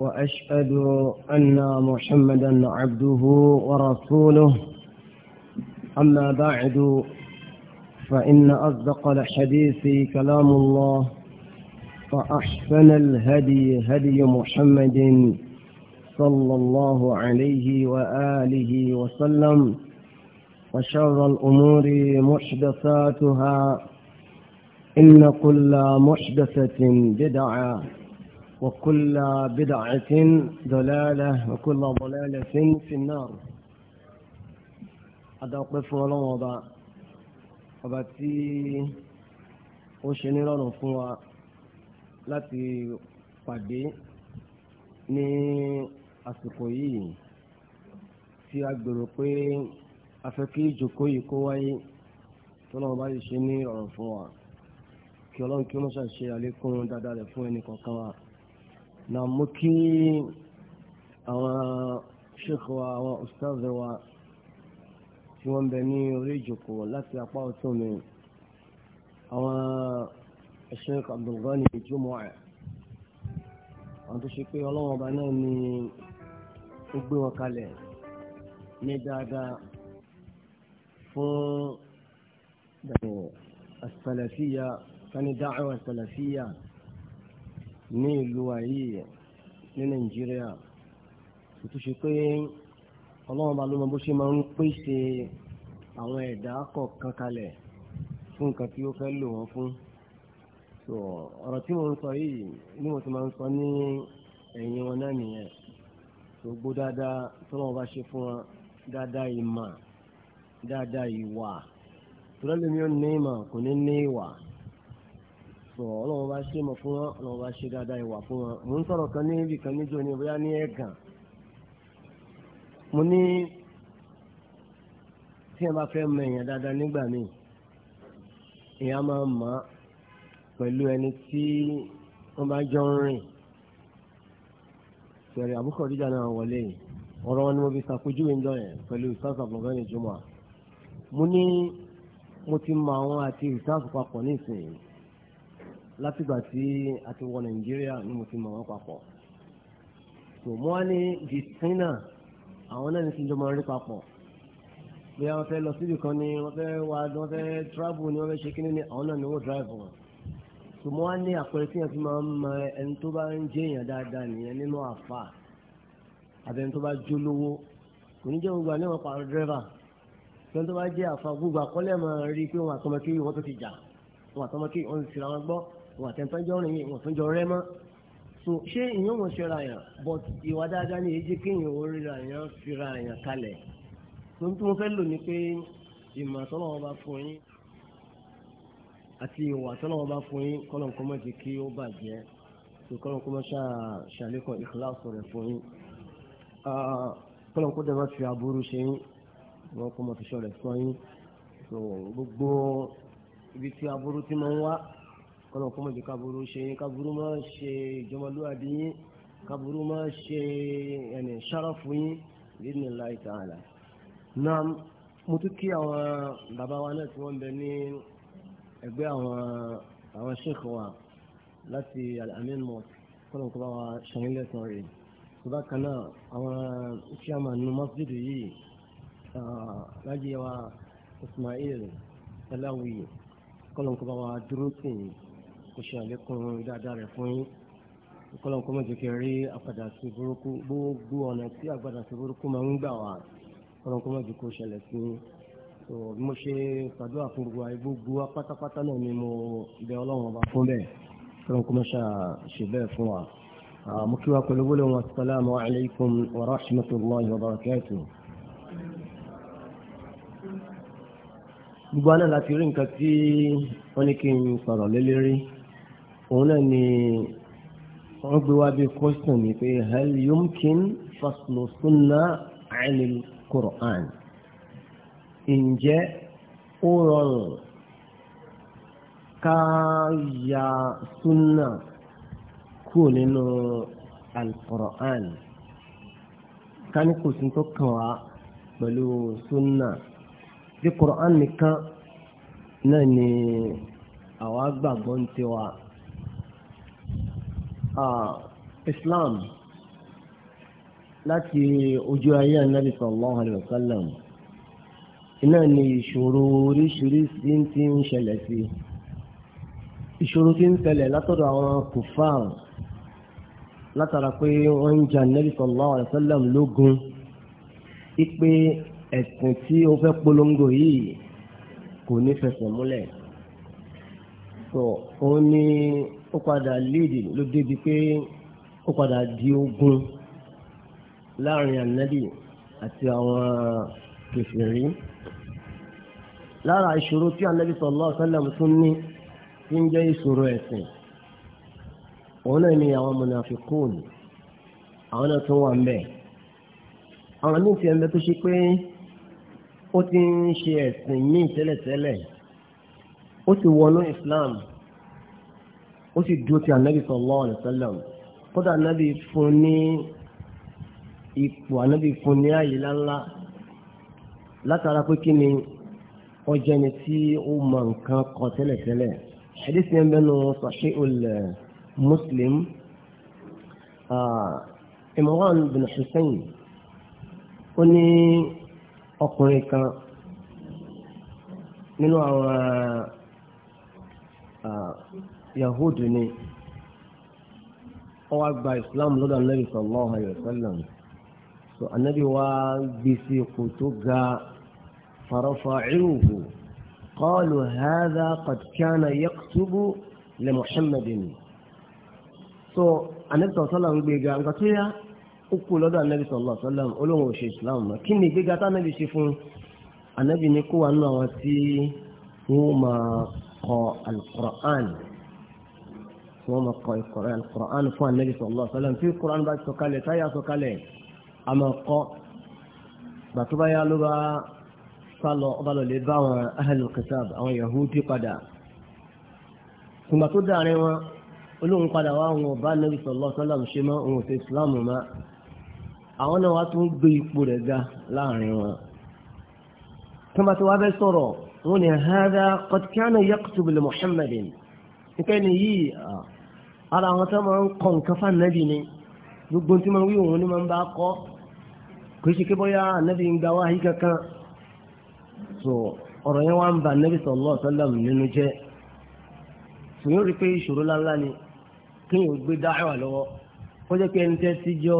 وأشهد أن محمدا عبده ورسوله أما بعد فإن أصدق الحديث كلام الله فأحسن الهدي هدي محمد صلى الله عليه وآله وسلم وشر الأمور محدثاتها إن كل محدثة بدعة وكل بدعة ضلالة وكل ضلالة في النار هذا وقف ولا وضع وباتي وشني رانو فوا láti pàdé ní àsìkò yìí tí a gbèrò pé a fẹ́ kí ìjókòó yìí kó wáyé tó lọ́wọ́ bá yìí ṣe ní ọ̀rọ̀ fún wa kí ọlọ́run kí ó mọ̀ṣá ṣe àlékún dáadáa rẹ̀ fún ẹnì kọ̀ọ̀kan wa na mú kí àwọn sheikh wa àwọn ustaz wa tí wọ́n bẹ ní orí ìjòkó láti apá ọ̀tún mi àwọn sheikh abdulghani jumu'a àwọn tó ṣe pé ọlọ́wọ́n ọba náà ni ó gbé wọn kalẹ̀ ní dáadáa fún as-salafiyya kani da'wa as ní ìlú ayé ní nàìjíríà tó ṣe pé ọlọ́run bá ló mọ bó ṣe máa ń pèsè àwọn ẹ̀dá kọ̀ọ̀kan kalẹ̀ fún nǹkan tí ó fẹ́ lò wọ́n fún so ọ̀rọ̀ tí mo ń sọ yìí ni mo ti máa ń sọ ní ẹ̀yìn wọn náà nìyẹn tó gbó dáadáa tó lọ́wọ́ bá ṣe fún wọn sọ ọlọ́run bá ṣe mọ̀ fún wọn ọlọ́run bá ṣe dáadáa ìwà fún wọn mò ń sọ̀rọ̀ kan ní kan níjó ni bóyá ní ẹ̀gàn mo ní tí ẹ bá fẹ́ mọ èèyàn dáadáa nígbà míì èèyàn máa mọ̀ ọ́ pẹ̀lú ẹni tí wọ́n bá jọ ń rìn sẹ̀rẹ̀ àbúkọ̀ dídá náà wọlé ọ̀rọ̀ wọn ni mo fi ṣàpèjúwe ń dọ̀yẹ̀ pẹ̀lú ìsáàsà bọ̀gánì jùmọ̀ mo ní mo ti mọ àwọn àti ìsáàsù papọ̀ nísìnyí látìgbà tí a ti wọ nàìjíríà ni mo ti mọ̀ wọ́n papọ̀ tó mo wá ní jìtínà àwọn náà ní ti jọmọ rí papọ̀ bí wọ́n fẹ́ lọ síbi kan ni wọ́n fẹ́ wá wọ́n fẹ́ travel ni wọ́n fẹ́ ṣe kíní ni àwọn náà ni wọ́n drive wọn tó mo wá ní àpẹẹrẹ tí yẹn fi máa ń mọ ẹni tó bá ń jẹ́ èèyàn dáadáa nìyẹn nínú àfà àbẹ̀ni tó bá jó lówó kò ní jẹ́ gbogbo àná wọn pààrọ̀ dírẹ́fà tó ń tó bá jẹ́ àfà gbogbo àkọlẹ̀ ti jà wọn àtọmọkiri wọn ti wọn àtẹnudọ́jọ́ rìn yìí wọn tún jọ rẹ́ mọ́ so ṣé ìyẹn wọn ṣera yàn but ìwà dáadáa ni èyí kéèyàn oríra yàn fira yàn kalẹ̀ tó ń tún fẹ́ lò ní pé ìmọ̀ àtọ́lọ́wọ́ bá fún yín àti ìwà àtọ́lọ́wọ́ bá fún yín kọ́lọ̀ nǹkan mọ́tì kí ó bàjẹ́ tó kọ́lọ̀ nǹkan mọ́tì ṣàlékún ìkíláàsì fún yín kọ́lọ̀ nǹkan dẹ́gbà fi aburú ṣe yín wọ́n kọ́ mọ́tì ṣọ̀rẹ̀ fún yín gbogbo ibi tí aburú ti máa ń wá kọ́nà kó mọ̀ kaburu kaburú ṣe kaburú má ṣe ìjọmọlúwàbí kaburu ma má ṣe ẹni ṣáràfù yín lẹ́nu láì tàn án. náà mo tún kí àwọn bàbá wa náà tí wọ́n bẹ ní ẹgbẹ́ àwọn àwọn ṣèkọ wa láti alamin mosque kọ́nà kó bá wa ṣàyìn lẹ́sàn rẹ̀ bàbá kan náà àwọn chairman nu masjid yìí lájẹ wa Ismail Salawi kọ́nà kó bá wa dúró sí yìí kó ṣe àlékún dáadáa rẹ̀ fún yín kọ́lọ́n kó mọ̀jẹ̀ kí rí àpàdà sí burúkú gbogbo ọ̀nà tí àgbàdà sí burúkú máa ń gbà wá kọ́lọ́n kó mọ̀jẹ̀ kó ṣẹlẹ̀ sí yín tó bí mo ṣe ṣàdúrà fún gbogbo ayé gbogbo pátápátá náà ni mo bẹ ọlọ́run ọba fún bẹ́ẹ̀ kọ́lọ́n kó mọ̀ṣà ṣe bẹ́ẹ̀ fún wa. mo kí wa pẹ̀lú gbólóhùn wa assalamu alaykum wa rahmatullahi wa barakatuh. gbogbo aná láti rí nǹkan tí wọ́n ní kí n sọ̀rọ̀ lélẹ́rí òun náà ni wọ́n gbé wá bí question ni pé hal yumkin faslu sunna anil Qur'an ǹjẹ́ ó rọrùn ká ya sunna kúrò nínú al-Qur'an ká ní kò sí tó kàn wá pẹ̀lú sunna bí Qur'an nìkan náà ni àwa gbàgbọ́ ń tiwa. Islam láti ojú ayé anabi sallallahu alayhi wa sallam iná ni ìṣòro oríṣiríṣi tí ń ṣẹlẹ̀ sí ìṣòro tí ń ṣẹlẹ̀ látọ̀dọ̀ àwọn kùfàr látara pé wọ́n ń jà anabi sallallahu alayhi wa sallam lógun ipe ẹ̀sìn tí ó fẹ́ polongo yìí kò ní fẹsẹ̀ múlẹ̀ so òun ni ó padà léèdè ló débi pé ó padà di ogun láàrin ànábì àti àwọn kèfèrí lára ìṣòro tí ànábì sallallahu alaihi wasallam tún ní tí ń jẹ́ ìṣòro ẹ̀sìn òun náà ni àwọn munafikun àwọn náà tún wà ń bẹ̀ àwọn míì ti ẹ̀ tó ṣe pé ó ti ń ṣe ẹ̀sìn míì tẹ́lẹ̀tẹ́lẹ̀ ó ti wọnú Islam ó sì dúró ti ànábì sallallahu alaihi wasallam kódà ànábì fún ní ipò ànábì fún ní ààyè láńlá látara pé kí ni ọjà ni tí ó mọ nǹkan kọ tẹ́lẹ̀tẹ́lẹ̀ hadith yẹn bẹ́ẹ̀ nù Sahihul Muslim Imran bin Hussein ó ní ọkùnrin kan nínú àwọn yahudu ni wọ́n wá gba islam lọ́dọ̀ anabi sallallahu alayhi wa sallam so anabi wá gbèsè kò tó ga farafairuhu qalu hadha qad kana yaktubu li muhammadin so anabi sallallahu alayhi wa sallam gbéga nǹkan tó yá ó kú lọ́dọ̀ anabi sallallahu alayhi wa sallam olóhùn òṣè islam kí ni gbéga tá anabi ṣe fún anabi ni kó wà nínú àwọn tí wọ́n máa kọ alukur'an tí wọ́n máa kọ ìkọ̀rán fún anabi sallallahu alaihi wasallam tí ìkọ̀rán bá sọ̀kalẹ̀ táyà sọ̀kalẹ̀ a máa kọ́ gbàtúbáyá ló bá sálọ ọba lọlẹ bá àwọn ahlul kitab àwọn yahudi padà tùmọ̀ tó dáàrin wọn olóhùn padà wá àwọn ọba anabi sallallahu alaihi ṣe mọ́ òun ṣe islam mọ́ àwọn náà wá tún gbé ipò rẹ̀ ga láàrin wọn tọ́mọ̀ tó wá fẹ́ wọn ni hada qad kana yaktubu muhammadin nípa ẹni yìí ara àwọn tó máa ń kọ nǹkan fáànàbì ni gbogbo tí máa ń wí òun ni máa ń bá kọ́ kò ṣe kí bóyá ànábì ń gba wáyé kankan so ọ̀rọ̀ yẹn wá ń ba ànábì sallallahu alaihi wasallam nínú jẹ́ so yóò rí pé ìṣòro ńláńlá ni kí yóò gbé dáhùn àlọ́wọ́ kó jẹ́ pé ẹni tẹ́ ti jọ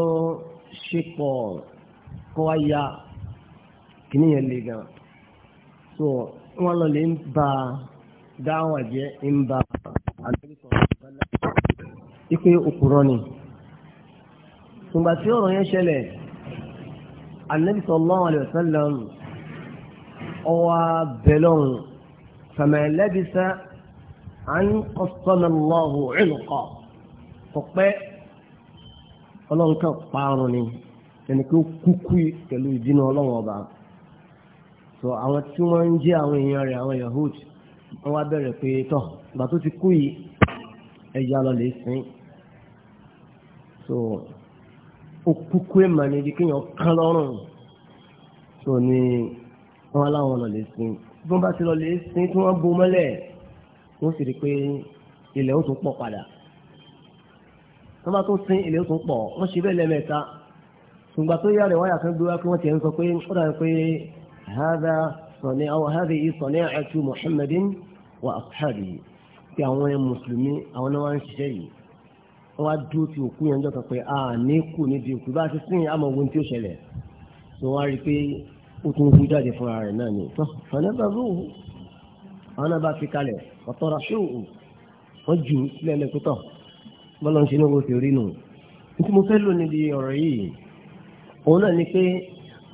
ṣe pọ̀ kọ́ wá ya kìíní yẹn le gan so wọn lọ lè ń ba dáhùn àjẹ́ ń ba ipe òpùrọ̀ ni ṣùgbà tí ọ̀rọ̀ yẹn ṣẹlẹ̀ anabi sallallahu alayhi wa sallam ọwọ́ bẹ̀lọ́hùn fàmẹ́lẹ́bíṣà an qasamallahu ìlùkọ́ kọ̀pẹ́ ọlọ́nkà parun ni ẹni pé ó kúkú pẹ̀lú ìdínà ọlọ́wọ́n ọba so àwọn tí wọ́n ń jẹ́ àwọn èèyàn rẹ̀ àwọn Yahudi wọ́n wá bẹ̀rẹ̀ pé tọ́ ìgbà tó ti kú yìí ẹ̀yà lọ lè sìn ín so òkúkú èèmà ni ibi kéèyàn kán lọ́rùn so ni wọ́n aláwọn lọ lè sin bí wọ́n bá ti lọ lè sin tí wọ́n bo mọ́lẹ̀ wọ́n sì rí i pé ilẹ̀ ó tún pọ̀ padà wọ́n bá tún sin ilẹ̀ ó tún pọ̀ wọ́n ṣe bẹ́ẹ̀ lẹ́mẹ̀ta ṣùgbọ́n tó yá rẹ̀ wáyà kan gbé pé wọ́n ti ń sọ pé ó dàbí pé hádà sọ̀ni àwọn hádà yìí sọ̀ni àti muhammadin wa ashabihi tí àwọn mùsùlùmí àwọn náà wá ń ṣiṣẹ́ yìí wọ́n á dúró ti òkú yẹn lọ́kàn pé a ní kù níbi òkú bá a ti sìn àmọ́ ohun tí ó ṣẹlẹ̀ tó wọ́n á rí i pé ó tún hú jáde fúnra rẹ̀ náà ni tó fọ̀nẹ́bà bó wù àwọn náà bá fi kalẹ̀ ọ̀tọ̀ra ṣóòwò wọ́n jù ú sílẹ̀ lẹ́kútọ̀ bọ́lá ń ṣe ní owó ti rí nù nítorí mo fẹ́ lò níbi ọ̀rọ̀ yìí òun náà ni pé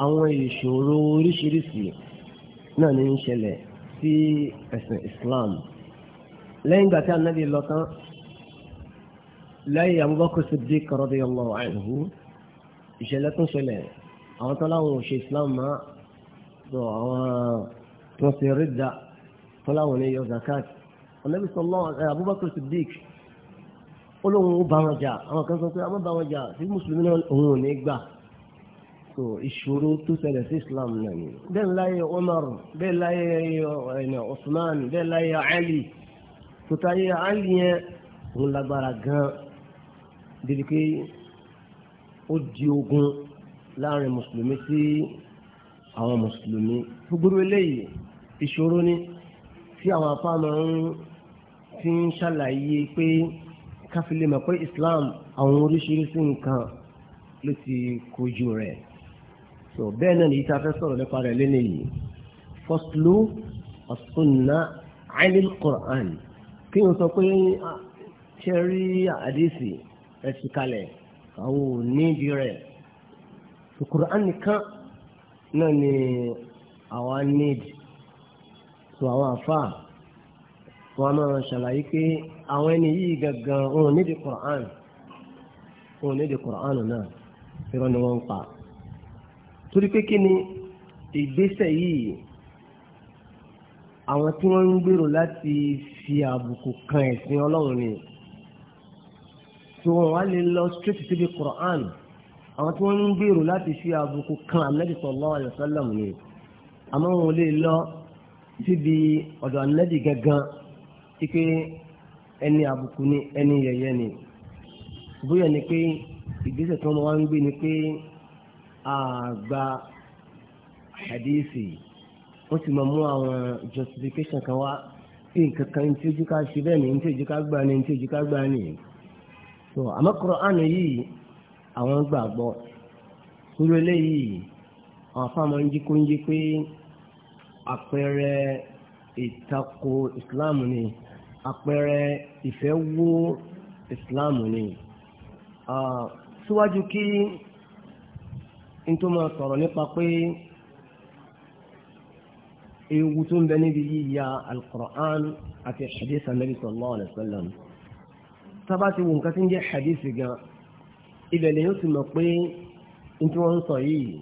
àwọn ìṣòro oríṣiríṣi náà ní ń ṣẹlẹ̀ sí ẹ̀sìn Islam lẹ́yìn ìgbà tí Ànábì lọ lẹ́yìn Abubakar Siddiq radiyallahu anhu ìṣẹ̀lẹ̀ tó ṣẹlẹ̀ àwọn tó láwọn òṣè Islam máa sọ àwọn tó ṣe rídà tó láwọn ní yọ zakat Ànábì sallallahu Abubakar Siddiq olóhùn ó bá wọn jà àwọn kan sọ pé àwọn bá wọn jà sí mùsùlùmí náà òun ò ní gbà so ìṣòro tó ṣẹlẹ̀ sí Islam náà ni bẹ́ẹ̀ láyé Umar bẹ́ẹ̀ láyé Usman bẹ́ẹ̀ láyé Ali tó táyé Ali yẹn òun lágbára gan-an débi pé ó di ogun láàrin mùsùlùmí sí àwọn mùsùlùmí gbogbo eléyìí ìṣòro ni tí àwọn apá máa ń fi ń ṣàlàyé pé káfílẹ̀ mọ̀ pé Islam àwọn oríṣiríṣi nǹkan ló ti kojú rẹ̀ so bẹ́ẹ̀ náà nìyí tá a fẹ́ sọ̀rọ̀ nípa rẹ̀ lẹ́nu yìí faslu as kí n sọ pé ṣe rí àdéhìsì ẹ fi kalẹ̀ àwọn ò ní ìdí rẹ̀ Al-Qur'an náà ni àwa ní ìdí tó àwọn àfáà wọn máa ṣàlàyé pé àwọn ẹni yìí gangan wọn ò ní ìdí Qur'an wọn ò ní ìdí Qur'an náà irọ́ ni wọ́n ń pa torí pé kí ni ìgbésẹ̀ yìí àwọn tí wọ́n ń gbèrò láti fi àbùkù kan ẹ̀sìn ọlọ́run ni tí wọn wá lè lọ straight síbi Qur'an àwọn tí wọn ń gbèrò láti fi àbùkù kan Ànábì sallallahu alaihi wasallam ni àmọ́ wọn lè lọ síbi ọ̀dọ̀ Ànábì gangan pé ẹni àbùkù ni ẹni yẹ̀yẹ́ ni bóyá ni pé ìgbésẹ̀ tí wọ́n wá ń gbé ni pé àgbà hadithi wọ́n ti máa mú àwọn justification kan wá pé nǹkan kan ní tí ojú ká ṣe bẹ́ẹ̀ ni ní tí ojú ká gbà ní tí ojú ká gbà so àmọ́ Qur'an yìí àwọn gbàgbọ́ sórí eléyìí àwọn afáàmọ́ ń jíkó ń jí pé àpẹẹrẹ ìtakò Islam ni àpẹẹrẹ ìfẹ́ wó Islam ni síwájú kí n tó máa sọ̀rọ̀ nípa pé ewu tó ń bẹ níbi yíya al-Qur'an àti hadith Ànábì sallallahu alaihi wasallam sábà ti wo nǹkan tí ń jẹ́ hadith gan ibẹ̀ lèyìn ó sì mọ̀ pé n tí wọ́n ń sọ yìí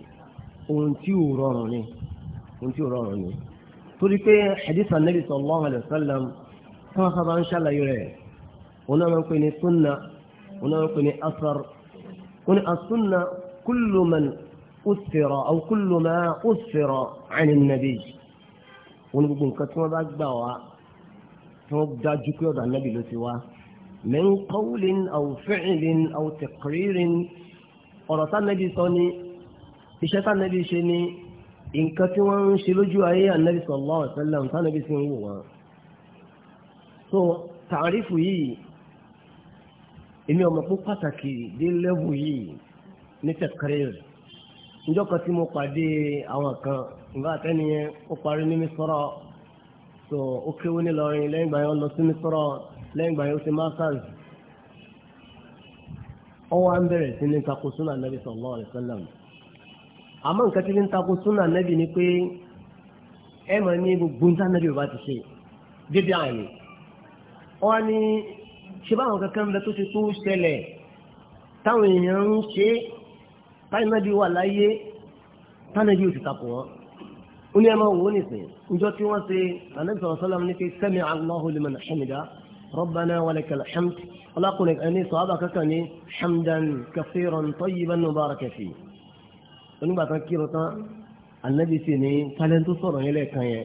ohun tí ò rọrùn ni ohun tí ò rọrùn ni torí pé hadith anabi sallallahu alayhi wa sallam sábà sábà ń ṣàlàyé rẹ̀ wọn náà máa ń pè ní sunna wọn náà máa ń pè ní asar wọn ni asunna kullu man usira aw kullu ma usira ani nabi wọn ni gbogbo nǹkan tí wọ́n bá gbà wá tí wọ́n dájú pé ọ̀dọ̀ anabi ló ti wá. من قول أو فعل أو تقرير ọ̀rọ̀ tánàbí sọ ni iṣẹ́ tánàbí ṣe ni nǹkan tí wọ́n ń ṣe lójú ayé ànábì sallallahu alaihi wasallam tánàbí sí ń wò wọ́n. so tàrífù yìí èmi ọmọ pé pàtàkì dé lẹ́wù yìí ní tẹ̀kẹ́rẹ́rì níjọ́ kan tí mo pàdé àwọn kan nígbà tẹ́niyẹn ó parí ní mi sọ̀rọ̀ so ó kéwé nílọrin lẹ́yìn ìgbà yẹn ó lọ sí mi sọ̀rọ̀ lẹ́yìn ìgbà yẹn ó ti masters ọwọ́ à ń bẹ̀rẹ̀ sí ní takò súnà nàbì sallallahu alaihi wasallam àmọ́ nǹkan tí ní takò súnà nàbì ni pé ẹ mọ̀ ní gbogbo níta nàbì ò bá ti ṣe dédé àyè ọwọ́ ni ṣe báwọn kankan bẹ tó ti tó ṣẹlẹ̀ táwọn èèyàn ń ṣe táyì nàbì wà láyé tánàbì ò ti takò wọn ó ní ẹ máa wò ó nìsín níjọ́ tí wọ́n ṣe ànábì ربنا ولك الحمد ولا أقول لك أني صحابك كني حمدا كثيرا طيبا مباركا فيه ونبع تذكرة النبي سيني فلن تصر إليك يا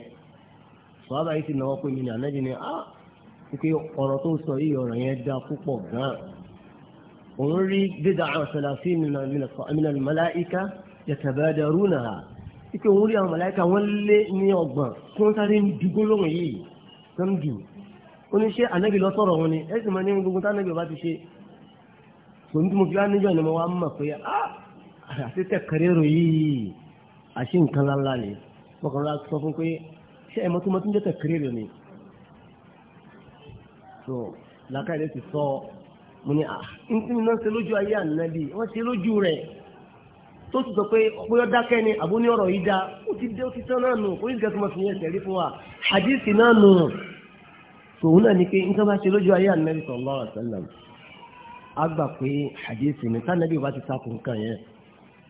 صحابة يسي نواقل مني النبي ني آه pé ọ̀rọ̀ tó sọ yìí ọ̀rọ̀ yẹn da púpọ̀ gan-an òun rí dídá àwọn sàlàfí minal màláìka yatabadarunaha pé òun rí àwọn màláìka wọ́n lé ní ọgbọ̀n tó ń sáré ń dùgbò lóhùn yìí tó ń dùn oníṣẹ́ ànábì lọ sọ̀rọ̀ wọn ni ẹ sì máa ní gbogbo tá ànábì ọba ti ṣe tòun tí mo fi wá níjọ́ ni mo wá mọ̀ pé ah, àti tẹ̀kẹ̀rẹ́ rò yìí àṣì nǹkan ńláńlá ni mo kàn sọ fún pé ṣé ẹ mọ tó ń jẹ́ tẹ̀kẹ̀rẹ́ rò ni. so làkàyè ti sọ mo ní à ah, ń tí mi náà ṣe lójú ayé ànábì wọ́n ṣe lójú rẹ̀ tó ti sọ pé ọpọlọ dákẹ́ ni àbó ní ọ̀rọ̀ yìí dá ó ti dé ó ti tán náà nù oríṣiríṣi tó mọ̀ sòun náà ni pé nǹkan bá ṣe lójú ayé ànábì sallallahu alaihi wasallam á gbà pé hadithi ni tánàbí bá ti takò nǹkan yẹn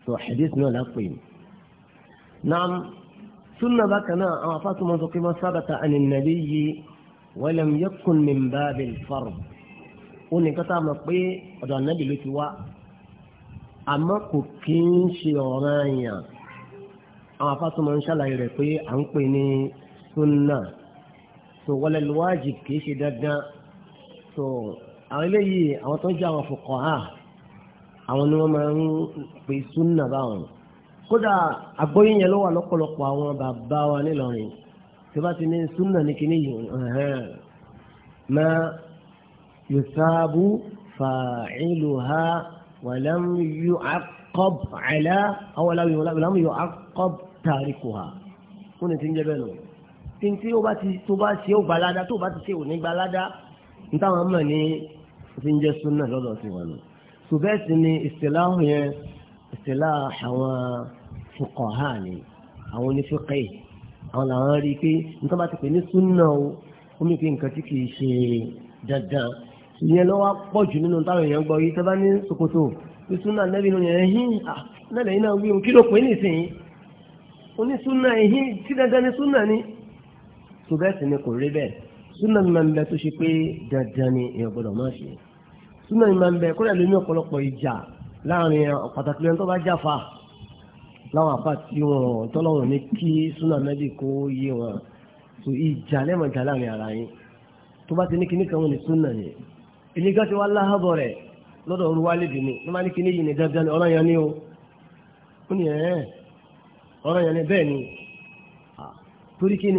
tó hadithi náà lápè ní. naam sunna bákan náà àwọn afáàtúmọ̀ sọ pé ma sabata ani nabiyyi wa lam yakun min babil fard ó ní kátà mọ̀ pé ọ̀dọ̀ ànábì ló ti wá àmọ́ kò kí ń ṣe ọ̀ranyàn àwọn afáàtúmọ̀ ń ṣàlàyé rẹ̀ pé à ń pè ní sunna so wala al-wajib kìí ṣe dandan so àwọn eléyìí àwọn tó ń jẹ́ àwọn fuqaha àwọn ni wọ́n máa ń pè súnà báwọn kódà àgbóyè yẹn ló wà lọ́pọ̀lọpọ̀ àwọn bàbá wa nílọrin tí bá ti ní súnà ní kíní yìí ma yusabu fa'iluha walam yu'aqqab ala aw walam yu'aqqab tarikuha fún ní ti ń jẹ́ bẹ́ẹ̀ lọ tí tí ó bá ti tó bá ṣe ó gbalada tó bá ti ṣe ò ní gbalada nítawọn mọ̀ ní ti ń jẹ́ súnà lọ́dọ̀ sí wọn nù. so ni ìsìláhùn yẹn ìsìláhùn àwọn fuqaha ni àwọn onífíkẹ́ yìí àwọn làwọn rí i pé nǹkan bá ti pè ní súnà o omi pé nǹkan tí kì í ṣe dandan ìyẹn lọ́wọ́ pọ̀ jù nínú táwọn èèyàn gbọ́ yìí tẹ́ bá ní sokoto pé súnà nẹ́bí nínú yẹn hín nẹ́lẹ̀ náà wí òun kí ló pè é yìí sí dandan ní súnà ni tó ni kò rí bẹ́ẹ̀ súnà mi máa ń bẹ tó ṣe pé dandan ni èèyàn gbọdọ̀ máa ṣe súnà mi máa ń bẹ kódà lómi ọ̀pọ̀lọpọ̀ ìjà láàrin pàtàkì lẹ́nu tó bá jáfa láwọn àpá tí wọn tọ́lọ́wọ̀n ní kí súnà mẹ́bí kó yé wọn tó ìjà lẹ́mọ̀ ìjà láàrin ara yín tó bá ti ní kíní kan wọn ní súnà yẹn ilé gan ti wá láhàbọ̀ rẹ̀ lọ́dọ̀ orí wálé dì ní ló ni o ó ní ẹ̀ ọ̀rọ̀ yẹn ni bẹ́ẹ̀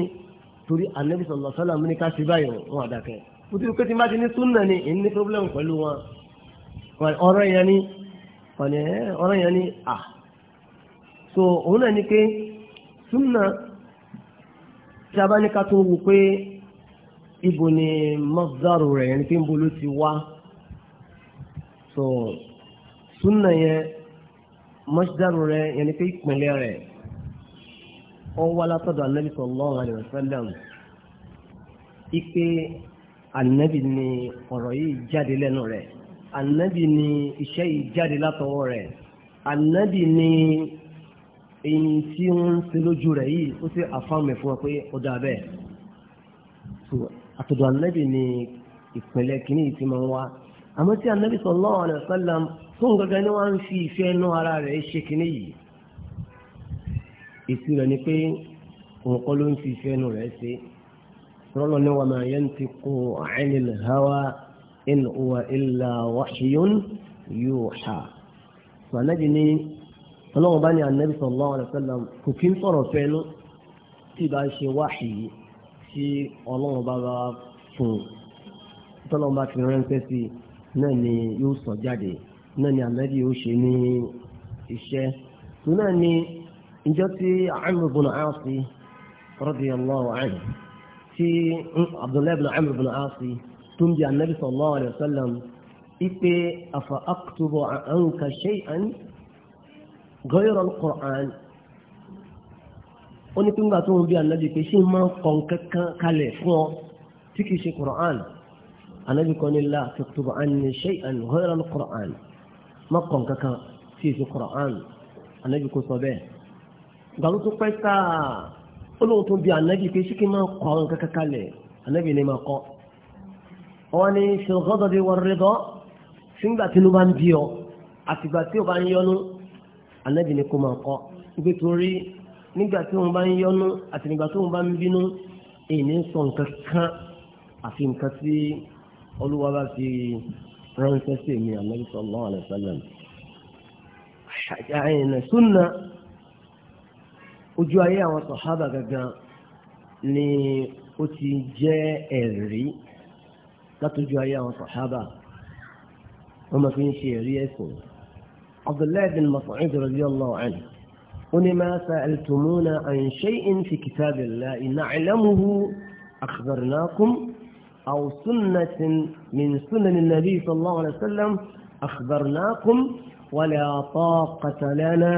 torí anabi sọlọ sọlọ mi ní ká ṣe báyìí wọn àdàkẹ́ kùtù pé tí n bá ti ní súnà ni èyí ní pírọ́blẹ́mù pẹ̀lú wọn ọ̀rọ̀ yẹn ni ọ̀rọ̀ yẹn ni à so òun náà ni pé súnà tí a bá ní ká tó wù pé ibo ni mọ́sálù rẹ̀ yẹn ni pé ń bolo ti wá so súnà yẹn mọ́sálù rẹ̀ yẹn ni pé ìpínlẹ̀ rẹ̀ wọ́n wá látọ̀dọ̀ anabi sallallahu alaihi wasallam ipe anabi ni ọ̀rọ̀ yìí jáde lẹ́nu rẹ̀ anabi ni iṣẹ́ yìí jáde látọwọ́ rẹ̀ anabi ni èyí tí wọ́n ń ṣe lójú rẹ̀ yìí ó sì àfàmì fún wa pé ó dà bẹ́ẹ̀ àtọ̀dọ̀ anabi ni ìpínlẹ̀ kìíní ti máa ń wá àmọ́ tí anabi sallallahu alaihi wasallam fún gangan ni wọ́n fi ìfẹ́ inú ara rẹ̀ ṣe kìíní yìí èsì rẹ̀ ni pé òun kọ́ ló ń fi ìfẹ́ nu rẹ̀ ṣe rọ́lọ́ ní wa ma yantiqu anil hawa in huwa illa wahyun yuha sànàjì ní ọlọ́run bá ní anabi sallallahu alaihi wasallam kò kí ń sọ̀rọ̀ fẹ́nu tí ìbá ṣe wáhì tí ọlọ́run bá bá fún un tọ́lọ́run bá fi ránṣẹ́ sí náà ni yóò sọ jáde náà ni anabi yóò ṣe ní iṣẹ́ tó náà ni níjọ́ tí Amr bin As radiyallahu anhu tí Abdullahi bin Amr bin As tó ń bi anabi sallallahu alayhi wa sallam ipe afa aktubu anka shay'an ghayra al-Qur'an ó ní pínpín àti òun bí anabi pé ṣé máa ń kọ kankan kalẹ̀ fún ọ tí kìí ṣe Qur'an anabi kan ní la taktubu anni shay'an ghayra al-Qur'an má kankan tí kìí Qur'an anabi kò sọ bẹ́ẹ̀ gbàgbọ́ tó pẹ́ sáà ó lóun tó bi ànábì pé ṣíkí máa kọ́ àwọn kankan kalẹ̀ ànábì ni máa kọ́ wọn ni ṣòkòtò bí wọ́n rí dọ́ sígbà tí ló bá ń bí ọ àtìgbà tí ó bá ń yọnu ànábì ni kó máa kọ́ ibi tó rí nígbà tí òun bá ń yọnu àti nígbà tí òun bá ń bínú èyí ní sọ nǹkan kan àfi nǹkan tí olúwa bá fi ránṣẹ́ sí èmi ànábì sallallahu alaihi wasallam sunna. ojú ayé àwọn sọ̀hábà gangan ni ó ti jẹ́ ẹ̀rí látọjú ayé àwọn sọ̀hábà wọ́n máa fi ń ṣe ẹ̀rí ẹ̀sìn. Abdullahi bin Mas'ud radiyallahu anhu ó ní máa sa ma sa'altumuna an shay'in fi kìtà kitabillahi na'lamuhu akhbarnakum aw sunnatin min sunani nabi sallallahu alaihi wasallam akhbarnakum wala taqata lana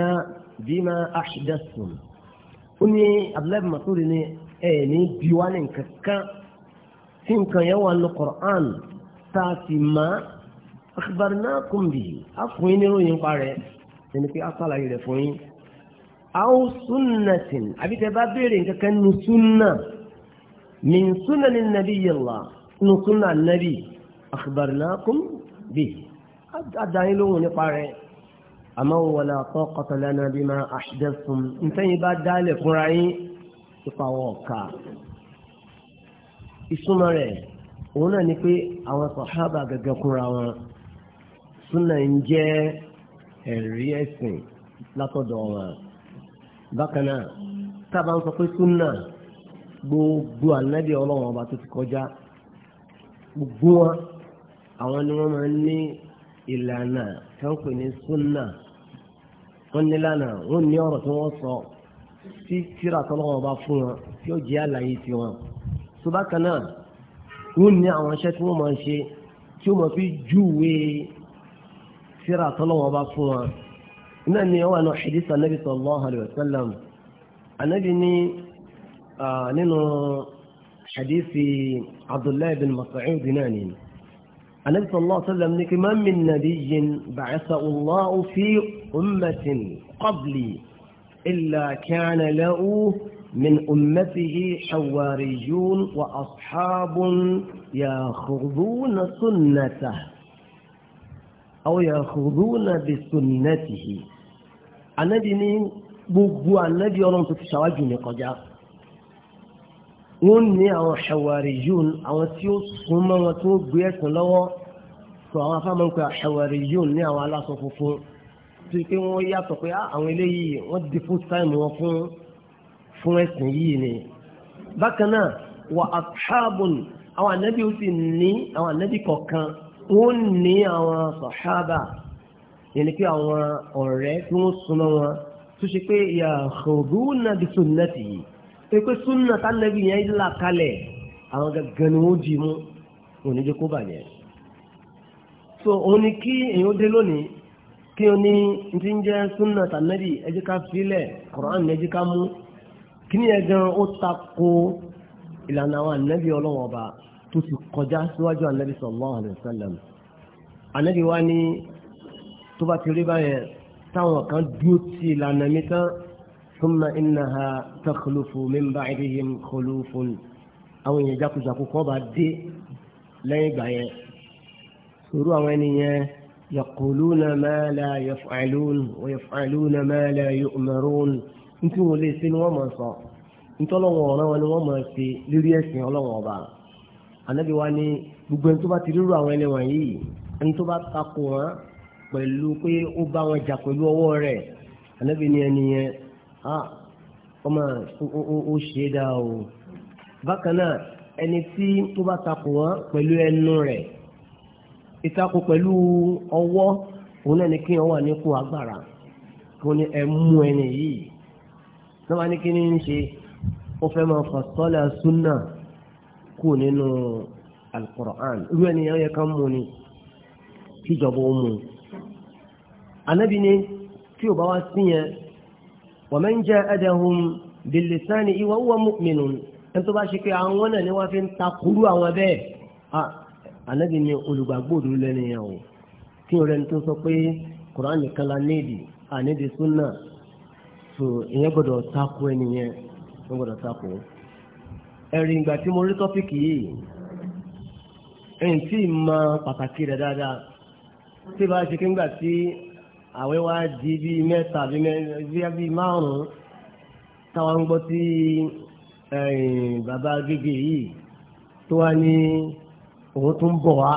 bima ahdathtum. ó ní abdullahi masudi ní ẹ ní bí wá ní nǹkan kan tí nǹkan yẹn wà ní Qur'an tá a sì má akhbarnakum bihi á fún yín níròyìn pa rẹ̀ ẹni pé á sàlàyé rẹ̀ fún yín aw sunnatin àbí tẹ bá béèrè nǹkankan nu sunna min sunna ni nabi yalla nu sunna nabi akhbarnakum bi adayin lóhun nípa rẹ̀ àmọ́ wọlé àtọ́kọ̀tọ̀ lẹ́nu bí máa àṣìjẹ́ ntẹ́yìn bá dálẹ̀ fúnra yín ipa ọ̀ka ìsúnmọ́ rẹ̀ òun náà ni pé àwọn sàhábà gẹ́gẹ́ kúnra wọn súnà ń jẹ́ ẹ̀rí ẹ̀sìn látọ̀dọ̀ wọn bákan náà tábà ń sọ pé súnà gbogbo ànábì ọlọ́wọ́n ọba tó ti kọjá gbogbo wọn àwọn ni wọ́n máa ń wọ́n ní lánàá wọ́n ní ọ̀rọ̀ tí wọ́n sọ tí tíra tọ́lọ́wọ́ bá fún wọn tí ó jẹ́ àlàyé ti wọn. tó bá kan náà wọ́n ní àwọn iṣẹ́ tí wọ́n máa ń ṣe tí ó máa fi júwe tíra tọ́lọ́wọ́ bá fún wọn. náà ni wọ́n àná hadith anabi sallallahu alayhi wa sallam anabi ní nínú hadith abdullahi bin mas'ud náà nìyí. النبي صلى الله عليه وسلم نك من نبي بعثه الله في أمة قبلي إلا كان له من أمته حواريون وأصحاب يأخذون سنته أو يأخذون بسنته النبي ni gbogbo anabi ọlọ́run tó ti ṣàwájú wọ́n ní àwọn hawariyun àwọn tí ó sún mọ́ wọn tí wọ́n gbé ẹ̀sìn lọ́wọ́ sọ àwọn afámọ́nkọ hawariyun ní àwọn aláṣọ funfun tí pé wọ́n yàtọ̀ pé ah, àwọn eléyìí wọ́n di full time wọn fún fún ẹ̀sìn yìí ni. bákan náà wà ashabun àwọn ànábì ó sì ní àwọn ànábì kọ̀ọ̀kan wọ́n ní àwọn sàhábà yẹni pé àwọn ọ̀rẹ́ tí wọ́n sún mọ́ wọn tó ṣe pé yàtọ̀ pé súnà tánàbí yẹn là kalẹ̀ àwọn gangan ni wọ́n di mú wọn ní jẹ́ kó so òun ni kí èèyàn dé lónìí kí o ní ti ń jẹ́ súnà tánàbí ẹjẹ́ ká filẹ̀ Kùránì ní ẹjẹ́ ká mú kí ni ẹ̀gán ó tako ìlànà àwọn ànábì ọlọ́wọ́ ọba tó ti kọjá síwájú ànábì sallallahu alaihi ànábì wa ní tó bá ti rí báyẹn táwọn kan dúró ti ìlànà mi tán. ثم إنها تخلف من بعدهم خلوف أو يجاكو جاكو كوبا دي لا يبعي سورو أوانية يقولون ما لا يفعلون ويفعلون ما لا يؤمرون انتم وليسين وما صار انتم الله وانا وانا وما سي لريسين الله وابا النبي واني gbogbo ẹni tó bá ti rírò àwọn ẹni wọ̀nyí ẹni tó pẹ̀lú pé ó bá wọn jà pẹ̀lú ọwọ́ rẹ̀ ànábì ẹni yẹn ọmọ ó ṣe é dáa o bákan náà ẹni tí tó bá takò wọn pẹ̀lú ẹnu rẹ̀ ìtakò pẹ̀lú ọwọ́ òun náà ni kí wọn wà nípò agbára kò ní ẹ mú ẹni yìí náà wà ní kí ni ń ṣe ó fẹ́ máa fà sọ́lá súnà kú nínú alukur'an irú ẹnìyàn yẹ ká mú ni kíjọba ó mú un anabi ni tí o bá wá sí yẹn. ومن جاءدهم باللسان وهو مؤمن انتو باشي كي عوانا نوافين تقولوا وبيه آه النبي من قلوب عبودوا لنا يو كي ولن تنسقي قرآن كلا نيدي آه نيدي سنة so ìyẹn gbọ́dọ̀ takò ẹnìyẹn wọ́n gbọ́dọ̀ takò ẹ̀rì ìgbà tí mo rí tọ́pìkì yìí ẹ̀yìn tí ì mọ pàtàkì rẹ̀ dáadáa tí bá ṣe kí ń gbà tí àwẹ̀ wa di bí mẹ́ta bí márùn-ún táwa ń gbọ́ tí bàbá gègé yìí tó wá ní òun tó ń bọ̀ wá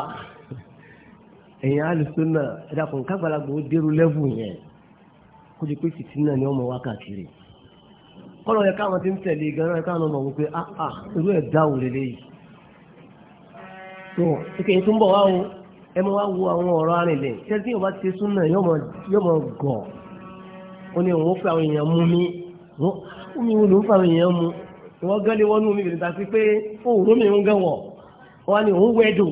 ẹ̀yìn alùsùnà ẹ̀dàkùn kágbàlagbà ó dérú lẹ́bù yẹn kó di pé fìtínà ni ọmọ wa káàkiri kọ́lọ̀ yẹ káwọn ti ń tẹ̀lé gan-an yẹ káwọn ọmọ wọn pé ah ah irú ẹ̀ dáwò lélẹ́yìí tó ìkẹyìn tó ń bọ̀ wá o ẹ mọ wá wo àwọn ọ̀rọ̀ arìnlẹ̀ tẹ́tí yóò bá ti súnà yóò mọ gọ̀ ó ní òun ó pé àwọn èèyàn mú mi wọ́n mi wò ló ń fa àwọn èèyàn mú wọ́n gán lé wọnú mi bìrìtà sí pé òòrùn mi ń gán wọ̀ wọ́n ní òun wẹ́dò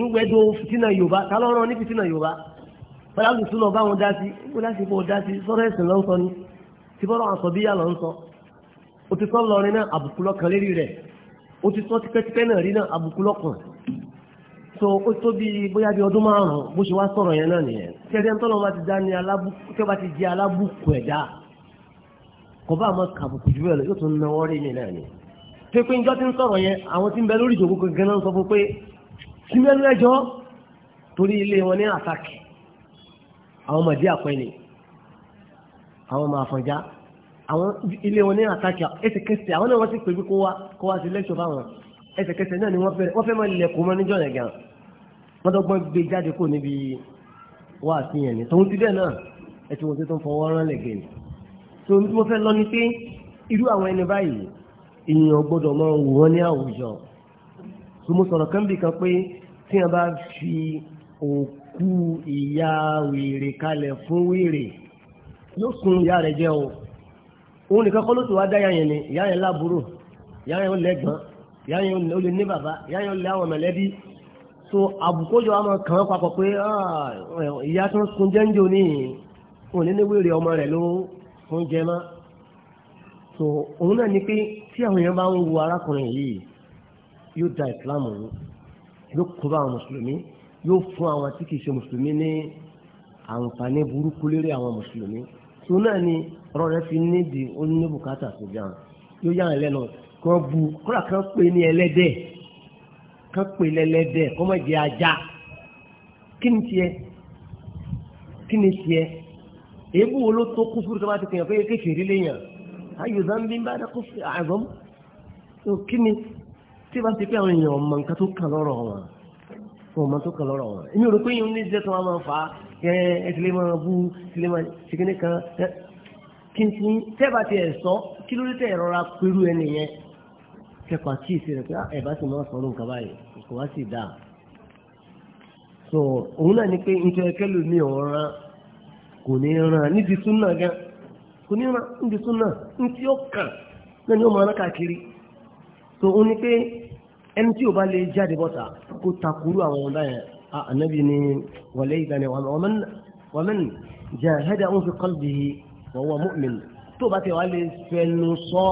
ń wẹ́dò fìtínà Yorùbá ta ló rán ní fìtínà Yorùbá fọláàlù súnà bá wọn dá sí ó láti fọ dá sí sọ́rọ́ ẹ̀sìn ló ń sọ ni tí bọ́lá wọn sọ bí yà lọ ń sọ ó lọrin náà àbùkù lọ́kàn so ó tó bí bóyá bí ọdún márùn-ún bó ṣe wá sọ̀rọ̀ yẹn náà nìyẹn kẹ́kẹ́ tọ́lọ́ bá ti dá ní alábùkù kẹ́ bá ti jẹ́ alábùkù ẹ̀dá kò bá àmọ́ kàbùkù jù bẹ́ẹ̀ lọ yóò tún náwó rí mi náà ni pé pé njọ́ ti ń sọ̀rọ̀ yẹn àwọn tí ń bẹ lórí ìjòkó gangan náà sọ fún pé kí mẹ́nu ẹjọ́ torí ilé wọn ní àtàkì àwọn ọmọdé àpẹẹlẹ àwọn ọmọ àfọ̀njá àwọn ilé wọn ní àtàkì ẹsẹ̀kẹsẹ̀ àwọn náà wọ́n ti pè mí kó wá kó wá sí lẹ́kṣọ̀ fáwọn ẹsẹ̀kẹsẹ̀ náà ni wọ́n fẹ́ máa lẹ̀kùn mọ́ níjọ́ yẹn gan-an wọ́n dọ́gbọ́n gbé jáde kó níbi wá àfihàn ní tòun ti bẹ́ẹ̀ náà ẹ ti wọ́n ti tó ń fọwọ́ rán lẹ́gẹ̀ẹ́ ni tó ní mo fẹ́ lọ ni pé irú àwọn ẹni báyìí èèyàn gbọ́dọ̀ máa wò wọ́n ní àwùjọ tó mo sọ̀rọ̀ kan bì kan pé tí wọ́n bá fi òkú ìyá wèrè kalẹ̀ fún wèrè yóò sun ìyá rẹ̀ jẹ́ o òun nìkan kọ́ ló ti wá dá yàn yẹn ni ìyá yẹn láàbúrò ìyá yẹn ó lẹ́gbọ́n ìyá so àbùkójọ àmọ́ kàn papọ̀ pé ah, ìyá tó ń sun jẹ́ńjò ní òun ní níwèrè ọmọ rẹ̀ ló fún jẹ mọ́ so òun náà ni pé tí àwọn èèyàn bá ń wo arákùnrin yìí yóò da ìsìlámù rú yóò kó bá àwọn mùsùlùmí yóò fún àwọn tí kìí ṣe mùsùlùmí ní àǹfààní burúkú lérí àwọn mùsùlùmí tó náà ni ọ̀rọ̀ rẹ fi nídìí ó ní bùkátà sí gan yóò yára lẹ́nu kan bu kọ́ra kan pé ní ẹlẹ́dẹ̀ẹ́ kán pè lẹ́lẹ́dẹ̀ kó má jẹ ajá kí ni tiẹ̀ kí ni èébú wo ló tó kúfúrú tó bá ti kẹyàn fẹ́yẹ kékeré léyàn ayò zambi ń bá dá kúfúrú àgbọ̀n tó kí ni tí bá ti pé àwọn èèyàn ọmọ nǹkan tó kàn lọ́rọ̀ wọn fún ọmọ tó kàn lọ́rọ̀ wọn èmi ò rò pé yín ní ìṣẹ́ tó wọn máa fà á ẹ ẹ tilé máa bú tilé máa ṣìkínní kan kí tẹ́ bá ti sọ kí ló dé tẹ́ ẹ̀rọ ra pẹ̀lú ẹni yẹn pẹ́pà tí ìsìn rẹ̀ pé ah, ẹ̀bá sì máa sọ̀rọ̀ nǹkan báyìí kò wá sì dáa so òun náà ni pé nítorí ẹkẹlò mi ò rán kò ní rán níbi súnà gan kò ní rán níbi súnà ntí ó kàn náà ni ó máa rán káàkiri so òun ni pé ẹni tí ò bá lè jáde bọ́ta kó takuru àwọn ọ̀dà yẹn ànábì ni wàlẹ́ ìgbàni wàmẹ́n jẹ́ hẹ́dà ń fi kọ́lbì wọ́wọ́ mọ́mìn tó bá ti wà lè fẹnu sọ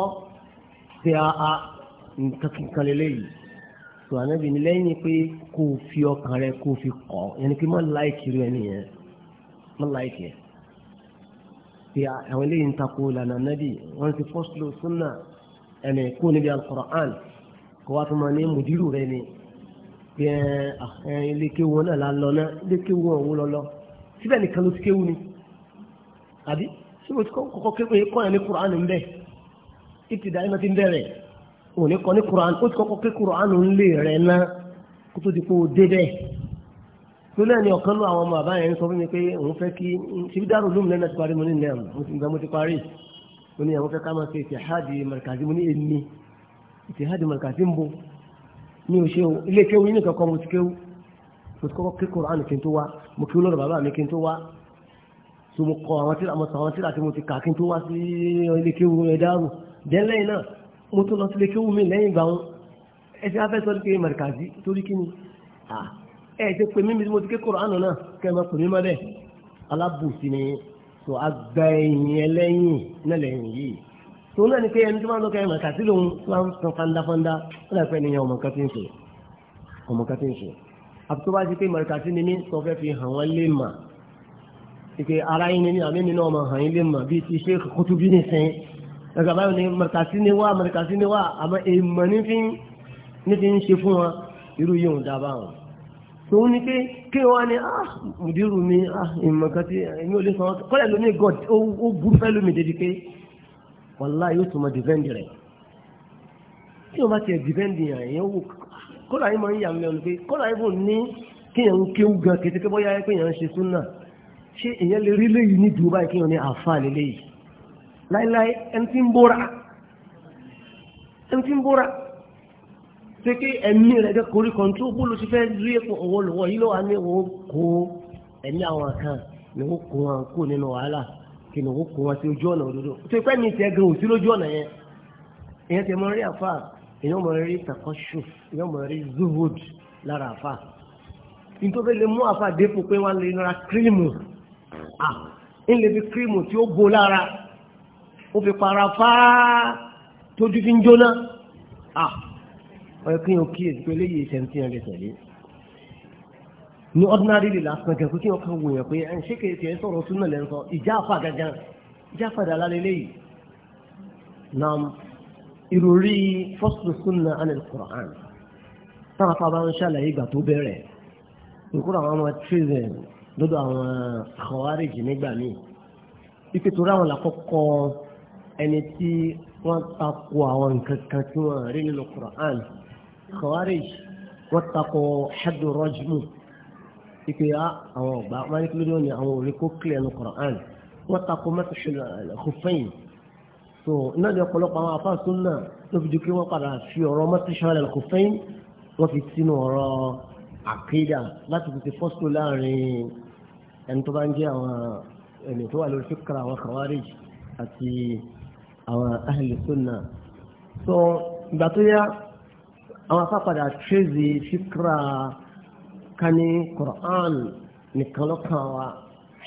ti a. Ah, ah, nǹkan kíkan lélẹ́yìí tó ànábì ní lẹ́yìn pé kó o fi ọkàn rẹ kó o fi kọ́ yẹn ni pé má láìkì rẹ nìyẹn má láìkì ẹ̀ pé àwọn eléyìí ń takò lànà ànábì wọ́n ti fọ́sùlù súnà ẹ̀nì kó níbi alukoran kó wá tó máa ní mùdírù rẹ ni pé ẹ ilé kéwu náà la lọ náà ilé kéwu ọ̀hún síbẹ̀ nìkan ló ti kéwu ni àbí síbẹ̀ kọ́kọ́ kéwu yẹn kọ́ yẹn ní koran ń bẹ̀ ìtìdá yẹn ti ń bẹ̀rẹ̀ òní kọ́ ní kuran ó ti kọ́kọ́ ké kuran ń lè rẹ̀ náà kó tó di kó o dé bẹ́ẹ̀ lórí ẹni ọ̀kan ló àwọn ọmọ bàbá yẹn sọ fún mi pé òun fẹ́ kí ṣíbí dárò lómi lẹ́nu àti parí mo ní ilẹ̀ mo ti gbà mo ti parí mo ní àwọn fẹ́ ká máa ṣe ìtìhádì markazi mo ní èmi ìtìhádì markazi ń bo mi ò ṣe o ilé kéwu yín nìkan kọ́ mo ti kéwu mo ti kọ́kọ́ ké kuran kí n tó wá mo kí olórí bàbá mi kí n tó wá so mo kọ àwọn tíra mo sọ àwọn tíra tí mo ti kà kí n tó wá sí ilé kéwu ẹ̀dá mo tún lọ sílé kí wù mí lẹ́yìn ìgbà wọn ẹ ti afẹ́ sọ pé mẹ̀rìkàzí torí kí ni ẹ ti pè mí mo ti ké Kùránì náà kẹ́ ẹ máa pè mí mọ́ bẹ́ẹ̀ alábùsí ni tó agbá ẹ̀yìn ẹlẹ́yìn náà yìí tó náà ni pé ẹni tó máa ń lọ kẹ́ ẹ mẹ̀rìkàzí lòun máa ń san fandafanda ó nìyẹn ọmọ kan ni mí ni mí àmì mi náà ẹgbẹ́ báyìí ni mọ̀rìkàsí ni wá mọ̀rìkàsí ni wá àmọ́ èèmọ̀ ní fi ń ṣe fún wọn irú yìí ń dábàá wọn. tòun ni pé kí wọn ni ah mùdírù mi ah èèmọ̀ kan tí èmi ò lè sọ kọ́lẹ̀ lómi god ó burú fẹ́ mi dédí pé wàlá yóò tún mọ dìfẹ́ǹdì rẹ̀ tí wọn bá tiẹ̀ dìfẹ́ǹdì yàn èèyàn wò kọ́lá yìí máa ń yà mí lẹ́nu pé kọ́lá yìí fò ní kéèyàn ń kéwú gan kété pé bóyá kéèyàn ń ṣe súnà ṣé èèyàn lè rí léyìí ní dùn báyìí kéèyàn ní àfa lélẹ́yìí láíláí ẹni tí ń bóra ẹni tí ń bóra ṣe pé ẹ̀mí rẹ̀ gẹ́ korí kan tó bó ló ti fẹ́ rí epo ọ̀wọ́ lọ́wọ́ yìí lọ́wọ́ ní òun kó ẹ̀mí àwọn kan ni wọ́n kó wọn kó nínú wàhálà kí ni wọ́n kó wọn sí ojú ọ̀nà òdodo tó pẹ́ ní ìtẹ́ gan òsí lójú ọ̀nà yẹn ìyẹn ti mọ rí àfa ìyẹn mọ rí takọ́ṣù ìyẹn mọ rí zuhud lára àfa nítorí lè mú àfa dépò pé wọ́n lè ra kírímù à ń lè fi kírímù tí ó bo lára ó fi para fáá tójú fi ń jóná ah ọ̀yọ́ kí n ò kíyèsí pé eléyìí ṣe ń fi hàn lè tẹ̀lé ní ordinary lè lásán gẹ̀ kó kí wọ́n kàn wò yàn pé ẹ̀ ń ṣé kèé tiẹ̀ sọ̀rọ̀ súnà lẹ́ ń sọ ìjà àfà gangan ìjà àfà dàlá lélẹ́yìí na ìròrí fọ́sùn súnà anil Qur'an táwọn afábá ń ṣàlàyé ìgbà tó bẹ̀rẹ̀ nkúrò àwọn ọmọ trizin lọ́dọ̀ àwọn Khawarij nígbà míì ìpètò ráwọn làkọ́kọ́ ẹni tí wọ́n takò àwọn nǹkan kan tí wọ́n rí nínú Qur'an Khawarij wọ́n takò haddu rajmu ipe a ah, àwọn ọ̀gbà wọ́n ní kí lóde òní àwọn òrí kó kílẹ̀ nínú Qur'an wọ́n takò mẹ́tẹ̀ṣẹ̀ al-khuffayn so iná ní ọ̀pọ̀lọpọ̀ àwọn afa sunna ló fi di pé wọ́n padà fi ọ̀rọ̀ mẹ́tẹ̀ṣẹ̀ al wọ́n fi sínú ọ̀rọ̀ àkídà láti fi ti fọ́sùn láàrin ẹni tó bá ń jẹ́ àwọn ẹni tó wà lórí fíkra àwọn Khawarij àti àwọn ahli sunnah so ìgbà tó yá àwọn afápadà tírèzì fíkra kání Qur'an nìkan ló kàn wá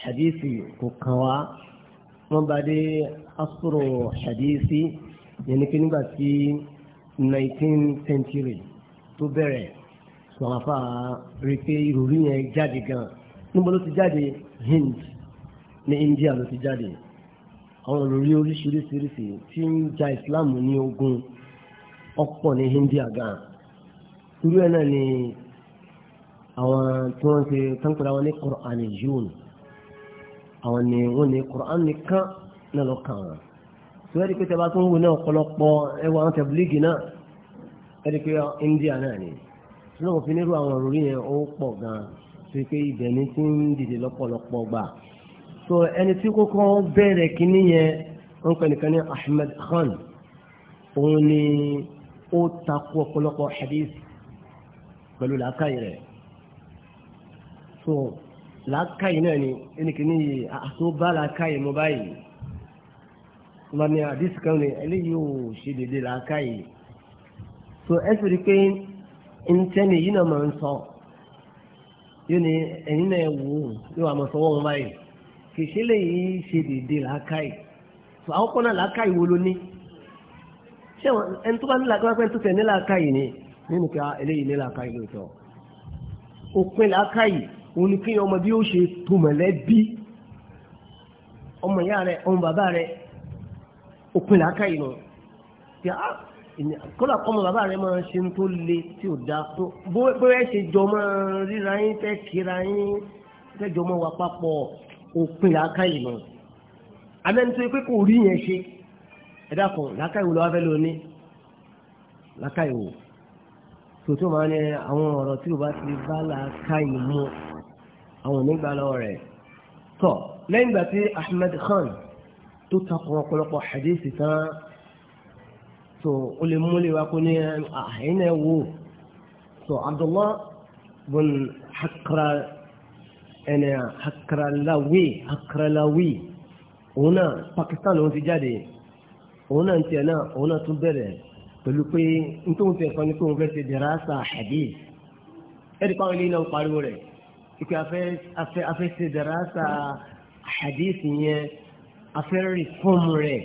hadithi kò kàn wá wọ́n bá dé asúrò hadithi yẹn kí nígbà tí 19th century tó bẹ̀rẹ̀ sọ àwọn afá rí pé ìròrí yẹn jáde gan níbo ló ti jáde Hind ní India ló ti jáde àwọn olórí oríṣiríṣiríṣi tí ń ja islam ní ogun ọ̀pọ̀ ní india gan irú ẹ̀ náà ni àwọn tí wọ́n ti kankura wọn ní Qur'ani yun àwọn ni wọ́n ní Qur'an nìkan náà lọ kàn wọ́n tí wọ́n ti pété bá tún wù ní ọ̀pọ̀lọpọ̀ ẹwà àwọn tẹ̀blígì náà ẹni pé india náà ni tí wọ́n fi nírú àwọn olórí yẹn ó pọ̀ gan tí pé ibẹ̀ ni ti ń dìde lọ́pọ̀lọpọ̀ gbà so ẹni tí kókó bẹ̀rẹ̀ kínní yẹn wọ́n pè nìkan ní Ahmed Khan òun ni ó takú ọ̀pọ̀lọpọ̀ hadith pẹ̀lú làákàyè rẹ̀ so làákàyè náà ni ẹni kìíní yìí àtò bá làákàyè mo báyìí wọ́n ní hadith kan ní eléyìí ò ṣe dédé làákàyè so ẹ sì rí i pé ntẹ́ni yìí náà máa ń sọ yóò ní ẹ̀yin náà wò ó yóò wà máa sọ wọ́n báyìí kìsílẹ̀ yìí ṣe dèdè làákàyè tó àwọn kọ́nà làákàyè wo ló ní ṣé ẹni tó bá ni ni kí ọmọ bí ó ṣe tó mọ̀lẹ́bí ọmọ ìyá rẹ ọmọ bàbá rẹ òpin làákàyè nù kódà kọ́mọ bàbá rẹ máa ṣe tó le tí ò dáa tó bóyá ṣe jọ máa ríra yín fẹ́ kíra yín fẹ́ jọ máa wà papọ̀ òpin làákàyè mọ́ amẹ́ni tó yẹ pé kò rí yẹn ṣe ẹ dákun làákàyè wo lọ́wọ́ fẹ́ lóní làákàyè wò tòótọ́ máa ní àwọn ọ̀rọ̀ tí o bá ti bá làákàyè mú àwọn onígbà lọ́wọ́ rẹ̀ tọ̀ lẹ́yìn ìgbà tí Ahmed Khan tó takùn ọ̀pọ̀lọpọ̀ hadith tán tó o lè mú lè wá kó ní ah, àhẹ́nẹ́ wò tó Abdullah bin Hakra ẹni Akralawi Akralawi òun náà Pakistan lòun ti jáde òun náà tiẹ̀ náà òun náà tún bẹ̀rẹ̀ pẹ̀lú pé nítorí tiẹ̀ kan ní pé òun fẹ́ ṣe dẹ̀rẹ́sà hadith ẹ̀rí pàwọn ilé náà pariwo rẹ̀ ìpè afẹ́ afẹ́ ṣe dẹ̀rẹ́sà hadith yẹn afẹ́ rí fọ́ọ̀mù rẹ̀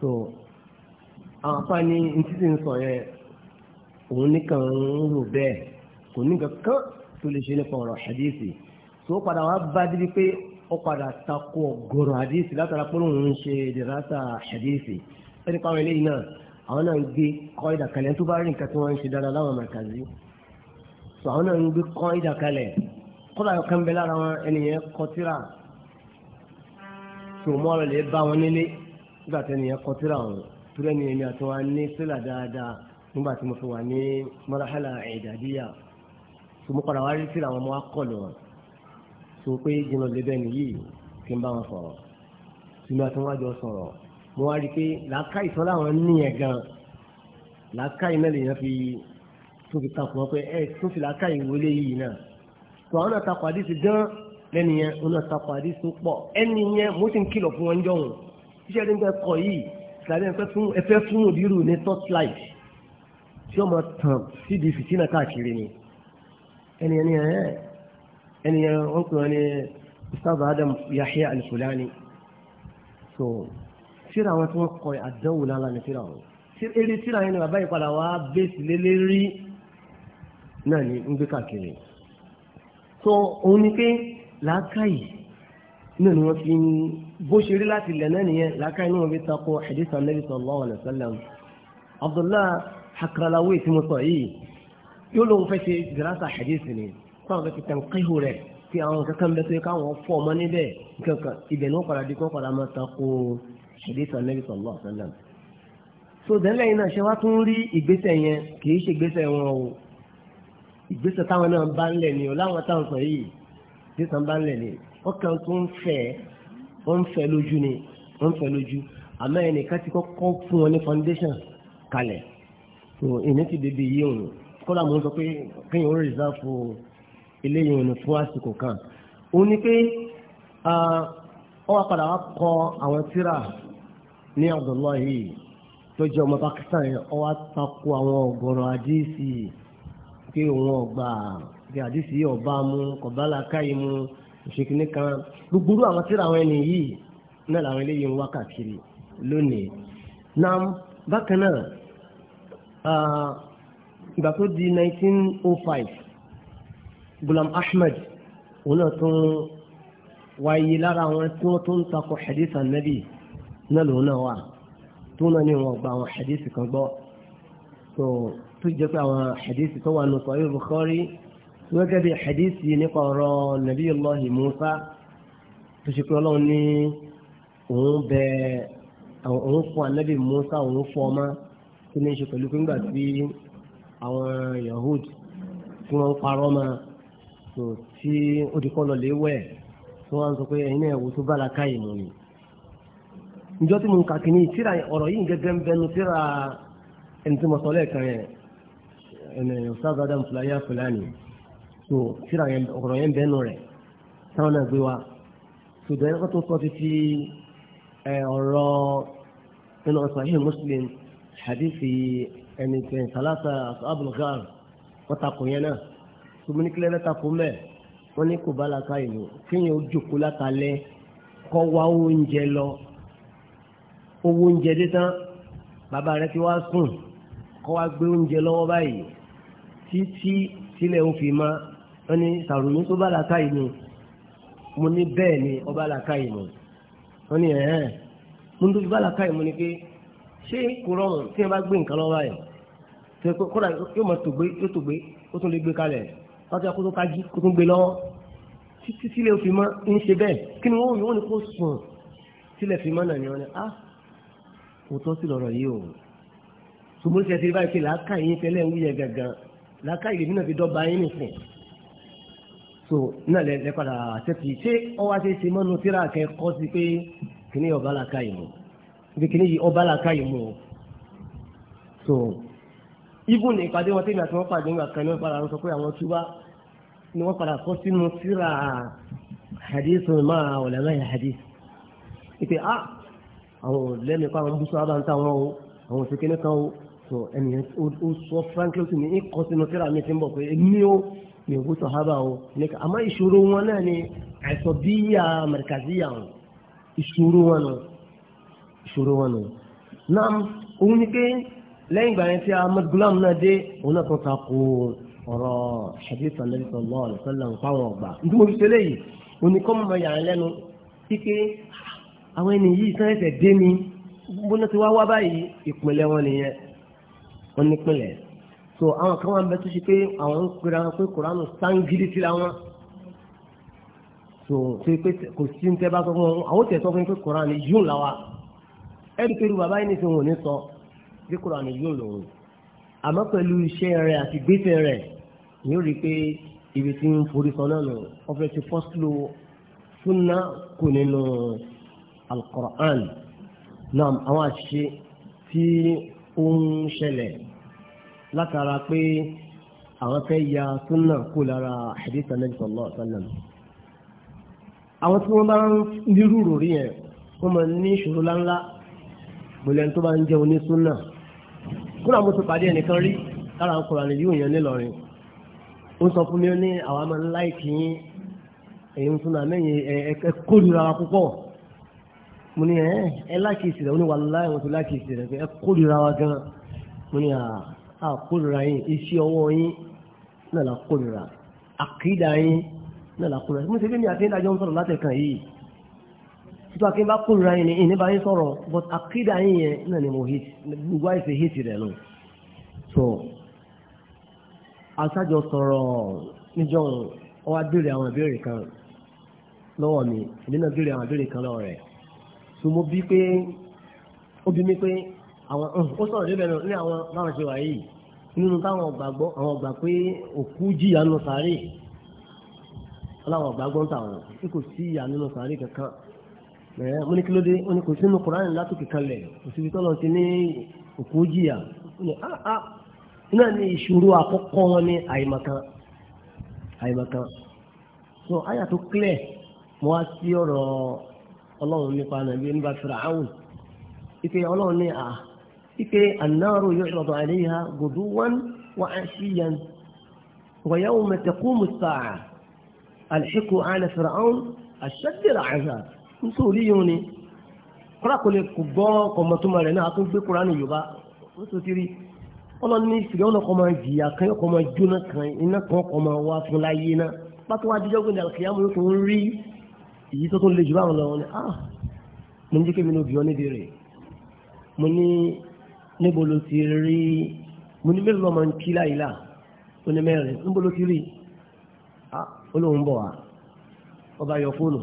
so àwọn afá ní ń sọ yẹn òun nìkan ń rò bẹ́ẹ̀ kò ní kankan tó lè ṣe nípa ọ̀rọ̀ hadith yìí tó padà wá bá débi pé ó padà takò ọ̀gọ̀rọ̀ àdéhìsì látara pé òun ń ṣe ìdìrásà àdéhìsì ẹni pàwọn eléyìí náà àwọn náà ń gbé kọ́ ìdàkalẹ̀ tó bá rí nǹkan tí wọ́n ń ṣe dáadáa láwọn màkàzí tó àwọn náà ń gbé kọ́ ìdàkalẹ̀ kọ́dà kan bẹ lára wọn ẹnìyẹn kọtíra tó mọ́ ọ̀rọ̀ lè bá wọn nílé nígbà tí ẹnìyẹn kọtíra wọn tó lẹ́nu ẹni àti wọn ní sílà dáadáa nígbà tí mo fi wà ní mọ́láhálà ẹ̀dàdíyà tó mú padà wá rí sílà wọn mọ́ akọ́lù wọn so pé jìnnà lébẹ́ nìyí kí n bá wọn sọ̀rọ̀ tìmọ̀ tí wọ́n jọ sọ̀rọ̀ mo wá rí i pé làákàyè sọ láwọn níyẹn gan làákàyè náà lèèyàn fi tún fi takùn wọn pé ẹ tún fi làákàyè wọlé yìí náà tó àwọn náà takùn àdìsí gan lẹ́nu yẹn wọn náà takùn àdìsí pọ̀ ẹni yẹn mo ti ń kìlọ̀ fún wọn jọ̀hún iṣẹ́ ní bẹ́ẹ̀ kọ yìí ìsàlẹ̀ ẹ̀fẹ́ fún òdìrú ní torchlight tí wọ́n tàn síbi fìtínà káàkiri ni ẹni ẹni ẹ̀ ẹnìyẹn wọ́n pè wọ́n ní sábà adam yahya alifulani so tíra wọn tí wọ́n kọ àdánwò lára ní tíra wọn eré tíra yẹn ni bàbá yìí padà wá bẹ́ẹ̀sì lélẹ́rí náà ní ń gbé káàkiri so òun ni pé làákàyè náà ni wọ́n fi ń bó ṣe rí láti ilẹ̀ náà nìyẹn làákàyè náà wọ́n fi takò hadith anabi sallallahu alayhi wa sallam abdullahi hakralawi tí yìí yóò lóun fẹ́ ṣe dirasa hadith ni táwọn fẹ́ fi tẹ̀ǹkéhù rẹ̀ kí àwọn kankan bẹ tó yẹ káwọn fọ ọmọ níbẹ̀ kankan ibẹ̀ ní wọ́n padà di kó padà máa ta ko ṣèdíṣà nẹ́bí sallallahu alaihi wasallam. so dẹ́lẹ̀ yìí náà ṣe wá tún rí ìgbésẹ̀ yẹn kì í ṣe ìgbésẹ̀ wọn o ìgbésẹ̀ táwọn náà bá ń lẹ̀ ni o láwọn táwọn sọ yìí ìgbésẹ̀ bá ń lẹ̀ ni wọ́n kàn tún ń fẹ́ wọ́n ń fẹ́ lójú ni wọ́n ń fẹ́ lójú àmọ́ ẹnìkan ti kọ́kọ́ fún wọn ní foundation kalẹ̀ so ìní ti bèbè yìí òun kọ́lá mo ń sọ pé kéèyàn ó reserve eléyìí òun fún àsìkò kan òun ni pé ọ wá padà wá kọ àwọn tíra ní Abdullah yìí tó jẹ́ ọmọ Pakistan yẹn ọ wá takò àwọn ọ̀gọ̀rọ̀ àdìsí pé òun ọgbà pé àdìsí yìí ọba mu kọ̀bálà káyìí mu òṣèkìní kan gbogbo àwọn tíra àwọn ẹni yìí náà làwọn eléyìí ń wá káàkiri lónìí náà bákan náà ìgbà tó di 1905 Gulam Ahmed òun náà tún wáyé lára àwọn tí wọ́n tún ń takò hadith anabi náà lòun náà wà tó náà ní wọn gba àwọn hadith kan gbọ́ tó tó jẹ́ pé àwọn hadith tó wà nù Sahih Bukhari wọ́n gẹ́gẹ́ bí hadith yìí nípa ọ̀rọ̀ Nabiyullahi Musa tó ṣe pé ní òun bẹ òun fún anabi Musa òun fún ọmọ tó ní í ṣe pẹ̀lú pé ńgbà tí àwọn Yahud tí wọ́n parọ́ máa so tí ó di kọ́ lọ lé wẹ̀ tó wá ń sọ pé ẹ̀yin náà wo tó bá ni. njọ́ tí mo ń kà kí ni tíra ọ̀rọ̀ yìí gẹ́gẹ́ ń bẹnu tíra ẹni tí mo sọ lẹ́ẹ̀kan yẹn so tira ọ̀rọ̀ yẹn bẹnu rẹ̀ táwọn náà gbé wa sùdọ̀ yẹn kó tó sọ títí ọ̀rọ̀ nínú Sahih Muslim hadithi ẹni salasa asabu abulghar wọ́n takò náà sọmọ níkílẹ̀ lẹ́ta fún mẹ́ wọ́n ní kò bá laka ìlú kéèyàn ó jòkó látàlẹ́ kọ́ wá oúnjẹ lọ owó oúnjẹ dé tán bàbá rẹ ti wá sùn kọ́ wá gbé oúnjẹ lọ́wọ́ báyìí títí sílẹ̀ ó fi mọ́ wọ́n ní sàrùmí tó bá laka ìlú mo ní bẹ́ẹ̀ ni ọba laka ìlú wọ́n ní ẹ̀hẹ́n mo ní tó fi bá laka ìlú ni pé ṣé kò rọrùn tí wọ́n bá gbé nǹkan lọ́wọ́ báyìí kódà yóò mọ̀ tó gbé yóò tó gbé ó tún lè gbé kalẹ̀ wọ́n ti kó tó kájí kó tó gbé lọ́wọ́ títí sílẹ̀ òfin mọ́ ń ṣe bẹ́ẹ̀ kí ni wọ́n wọ́n ní kó sùn sílẹ̀ fi mọ́ náà ni wọ́n ní ah òótọ́ sí lọ́rọ̀ yìí o ṣùgbọ́n ṣe ti rí báyìí pé làákà yín tẹ́lẹ̀ ń wúyẹ gangan làákà yìí nínú fi dọ́gba yín nìsín so náà lẹ padà àtẹ́tì ṣé ọwọ́ àti ṣe mọ́nu tíra kẹ́kọ́ sí pé kìnìyàn ọba làákà yìí mú ibi kìnìyàn ọba làákà yìí mú o so even ìpàdé wọn tẹ́lẹ̀ àti wọ́n pàdé ńgbà kan ní wọ́n padà ń sọ pé àwọn túbá ni wọ́n padà kọ́ sínú síra hadith máa ọ̀lẹ́ láyé hadith ìpè á ah, àwọn lẹ́nu pa àwọn búṣọ àbá ń ta wọn o àwọn òṣèké ní kan o tó ẹnìyẹn ó sọ frankly ó sì ní í kọ́ sínú síra mi ti ń bọ̀ pé èmi o mi ò búṣọ àbá o nìkan àmọ́ ìṣòro wọn náà ni àìsàn bíyà mẹ̀rẹ̀kàdíyà o ìṣòro wọn nù ìṣòro wọn nù náà òun ni pé lẹ́yìn ìgbà yẹn tí ahmed gulam náà dé òun náà tó ta ko ọ̀rọ̀ hadith anabi sallallahu alaihi wasallam fáwọn ọgbà nítorí mo fi ṣe léyìí oníkọ́mọ̀ mọ̀ yàrá lẹ́nu kíké àwọn ẹni yìí sáré tẹ̀ dé mi bóná ti wá wá báyìí ìpínlẹ̀ wọn nìyẹn wọn nípínlẹ̀ so àwọn kan wọn bẹ tó ṣe pé àwọn ń pera wọn pé kuranu sangiri síra wọn so ṣe pé kò sí ní tẹ́ bá sọ fún wọn àwọn tẹ̀ sọ fún mi pé kuranu yóò là wa ẹ̀rí bí kúránì yóò lò ó àmọ́ pẹ̀lú iṣẹ́ rẹ̀ àti gbèsè rẹ̀ yóò rí i pé ibi tí ń forí sọ náà nù ọ̀fẹ́ ti fọ́sílò súnà kù nínú alukoran náà àwọn àṣìṣe tí ó ń ṣẹlẹ̀ látara pé àwọn fẹ́ ya súnà kù lára hadith anabi sallallahu alaihi wa sallam àwọn tí wọ́n bá ń nírú rò rí yẹn wọ́n máa ní ìṣòro láńlá gbọ́lẹ́ tó bá ń jẹ́ onísúnà kúrò àwọn oṣù pàdé ẹnìkan rí lára ń kọ̀ọ̀rọ̀ yóò yẹn nílọrin ó sọ fún mi ó ní àwọn ọmọ ńlá ìkì yín èyí ń fún àmì ẹ̀ẹ́kẹ́ kórìíra wa púpọ̀ mo ní ẹ̀ ẹ́ lákìsì ó ní wà láì wọ́n ti lákìsì rẹ̀ pé ẹ kórìíra wa gan mo ní à kórìíra yín iṣẹ́ ọwọ́ yín náà la kórìíra àkídà yín náà la kórìíra mo ti fi ní àti ìdájọ́ ń sọ̀rọ̀ látẹ̀kàn yìí tó ake bá kó lura yín ni ìní bá yín sọ̀rọ̀ but àkídà yín yẹn náà ni mo hit gbogbo àìsè hit rẹ̀ so sọ̀rọ̀ níjọ́ ọ wá béèrè àwọn ìbéèrè kan lọ́wọ́ mi èmi náà béèrè àwọn ìbéèrè kan lọ́wọ́ rẹ̀ so mo bí pé ó bí mi pé àwọn ó sọ̀rọ̀ débẹ̀ náà ní àwọn báwọn ṣe wà yìí nínú táwọn gbàgbọ́ àwọn gbà pé òkú jìyà nù ń ẹ mo ní kí ló dé ó ní kò sínú Kùránì látòkè kalẹ̀ kò síbi tọ́lọ̀ ti ní òkú jìyà ó ní áá náà ní ìṣòro àkọ́kọ́ wọn ní àyèmọ̀kan àyèmọ̀kan so àyà tó clear mo wá sí ọ̀rọ̀ ọlọ́run nípa nàbí nípa Fir'aun ike ọlọ́run ní à ah. ike an-nāru yu'radu 'alayhā ghudūwan wa 'ashiyyan wa yawma taqūmu as-sā'ah alhiqū 'alā Fir'aun ashadda al-'adhāb nítorí yìí ni kọ́ra kò lè kò gbọ́ kọ̀mọ̀tòmọ̀ rẹ̀ náà a tún gbé Kùránì Yorùbá ó tó ti rí ọlọ́run ní ìsìlẹ̀ ọ̀nà kọ́ máa jìyà kan yóò kọ́ máa jóná kan iná kan kọ́ máa wá fún láyé náà pátó wá jíjọ́ gbìyànjú àlùkìyà mo yóò tó ń rí èyí tó tó le jù báwọn lọ́wọ́ ni ah mo ní kékeré obì ọ́ níbi rẹ̀ mo ní níbo ló ti rí mo ní mélòó máa ń kí láyìlá ó ní mẹ́rin níbo ló ti rí ah ó bọ̀ wá ọba yọ fóònù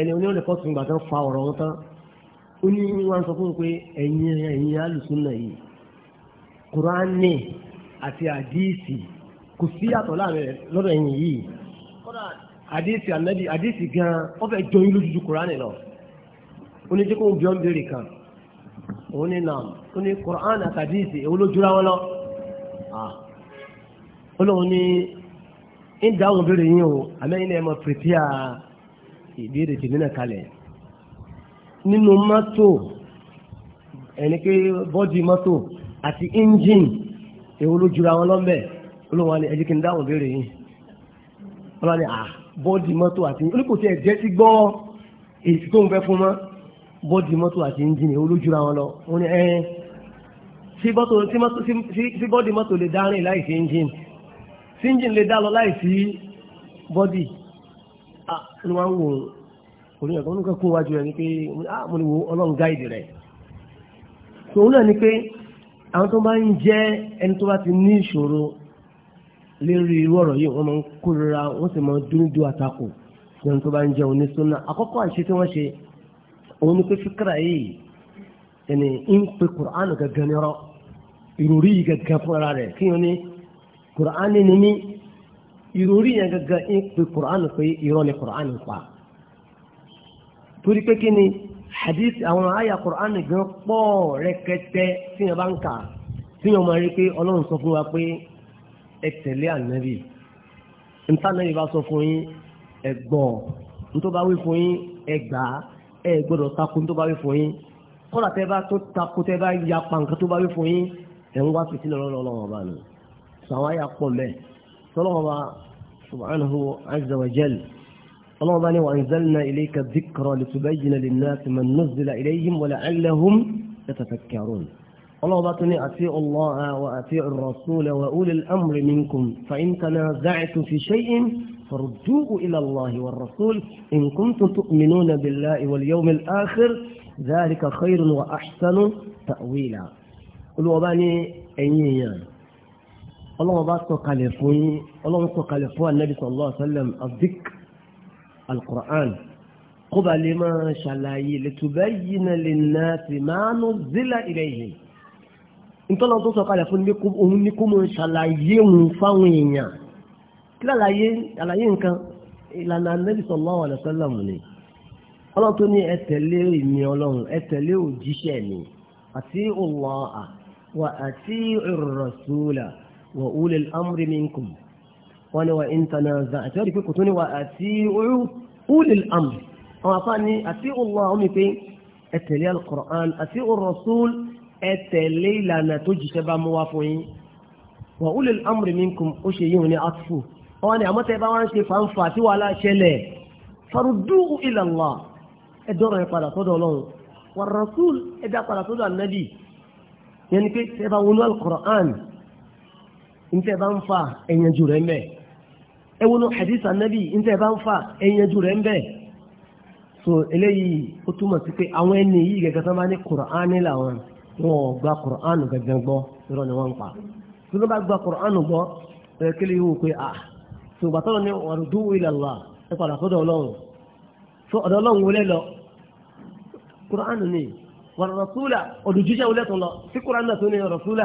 ẹni oníwọ̀n lè kọ́tù ìgbà fa ọ̀rọ̀ wọn tán ó ní wọn sọ fún un pé ẹ̀yin ẹ̀yin alùsùnà yìí kùránì àti àdíìsì kò sí yàtọ̀ láàrin lọ́dọ̀ ẹ̀yin yìí àdíìsì ànábì àdíìsì gan-an fẹ́ jọ yín lójúju kùránì lọ oníjẹ́ kó ń bí kan òun ní nàm ó ní kùránì àti àdíìsì èwo ló jura wọn lọ ó lóun ní ń dáhùn o àmẹ́yìn náà ìbéèrè tèmi náà kalẹ̀ nínú mọ́tò ẹni pé bọ́dì mọ́tò àti engine èwo ló jura wọn lọ́mbẹ̀ olóhùn àni ẹ̀jẹ̀ kí n dáhùn béèrè yìí wọn bá ní à ah, bọ́dì mọ́tò àti olùkọ́ tí ẹ̀ jẹ́ sí gbọ́ èsì tó ń fẹ́ fún mọ́ bọ́dì mọ́tò àti engine èwo ló jura wọn lọ wọn ni ẹ̀ sí bọ́dì mọ́tò lè dá rìn láì sí engine sí engine lè dá lọ láì sí bọ́dì. A wá ń wò kò ní ẹ̀kọ́ nǹkan kún wájú ẹ̀ ni pé ah, mo ní wo àwọn tó bá ń jẹ́ ẹni ti ní ìṣòro lérí irú ọ̀rọ̀ yìí wọ́n ń wọ́n sì ẹni tó bá ń jẹ́ òní súnà àkọ́kọ́ àṣẹ tí wọ́n ṣe òun ni pé fíkàrà yìí ẹni ń pe kùránù gẹ́gẹ́ nírọ́ ìròrí yìí gẹ́gẹ́ fúnra rẹ̀ kí ìròrí yẹn gangan ń pe kùránù pé irọ́ ni kùránù pa torí pé kí ni hadith àwọn àyà kùránù gan pọ̀ rẹ̀kẹ̀tẹ̀ tí yẹn bá ń kà tí yẹn máa rí pé ọlọ́run sọ fún wa pé ẹ tẹ̀lé ànábì ntànábì bá sọ fún yín ẹ gbọ́ bá wí fún yín ẹ gbà ẹ gbọ́dọ̀ takò bá wí فالوضع سبحانه عز وجل اللهم أنه وانزلنا إليك الذكرى لتبين للناس من نزل إليهم ولعلهم يتفكرون اللهم أتني أتيع الله وأتيع الرسول وأولي الأمر منكم فإن تنازعت في شيء فردوه إلى الله والرسول إن كنتم تؤمنون بالله واليوم الآخر ذلك خير وأحسن تأويلا اللهم أتني أنزلنا ọlọ́run bá sọ̀kalẹ̀ fún yín ọlọ́run sọ̀kalẹ̀ fún anabi sallallahu alayhi wa sallam abdik alqur'an kó ba lè máa ṣàlàyé litubayyina linnasi ma nuzzila ilayhim ntọ́nà tó sọ̀kalẹ̀ fún mi òun ní kó máa ṣàlàyé òun fáwọn èèyàn kí lálàyé àlàyé nǹkan ìlànà anabi sallallahu alayhi wa sallam ni ọlọ́run tó ní ẹ tẹ̀lé ìmí ọlọ́run ẹ tẹ̀lé òjíṣẹ́ mi àti Allah wa àti ar-rasula wa ulil amri minkum wọ́n ní wa in tanaza'tum àti wọ́n di pé kò tó ní wa àti ulil amri àwọn afá ni àti Allah ọmọ pé ẹ tẹ̀lé al-Qur'an àti ar ẹ tẹ̀lé ìlànà tó jìṣẹ́ bá mú wá fún yín wa ulil amri minkum ó ṣe yíwọn ní atfu wọ́n ní àmọ́tẹ́ bá wọ́n ṣe fàǹfà tí wàhálà ṣẹlẹ̀ farudduhu ila ẹ dọ́rọ̀ ẹ padà sọ́dọ̀ ọlọ́run wa rasul ẹ dá padà sọ́dọ̀ ànábì yẹn ni pé ṣẹ́ bá wọnú al-Qur'an ntẹ́ ba ń fa ẹ̀yẹnjú rẹ̀ mbẹ́ ẹ wọnú hadith anabi ntẹ́ ba ń fa ẹ̀yẹnjú rẹ̀ so eléyìí ó túmọ̀ sí pé àwọn ẹni yìí gẹ́gẹ́ gba kùránì gẹ́gẹ́ gbọ́ irọ́ ni wọ́n pa tí bá gba kùránì gbọ́ ẹ̀ kílẹ̀ yìí wò ah so gbàtọ́ ni ẹ ọlọ́run so ọ̀dọ̀ ọlọ́run wọlé lọ ni wọ̀rọ̀ rasúlà wọlé tó lọ sí náà tó ní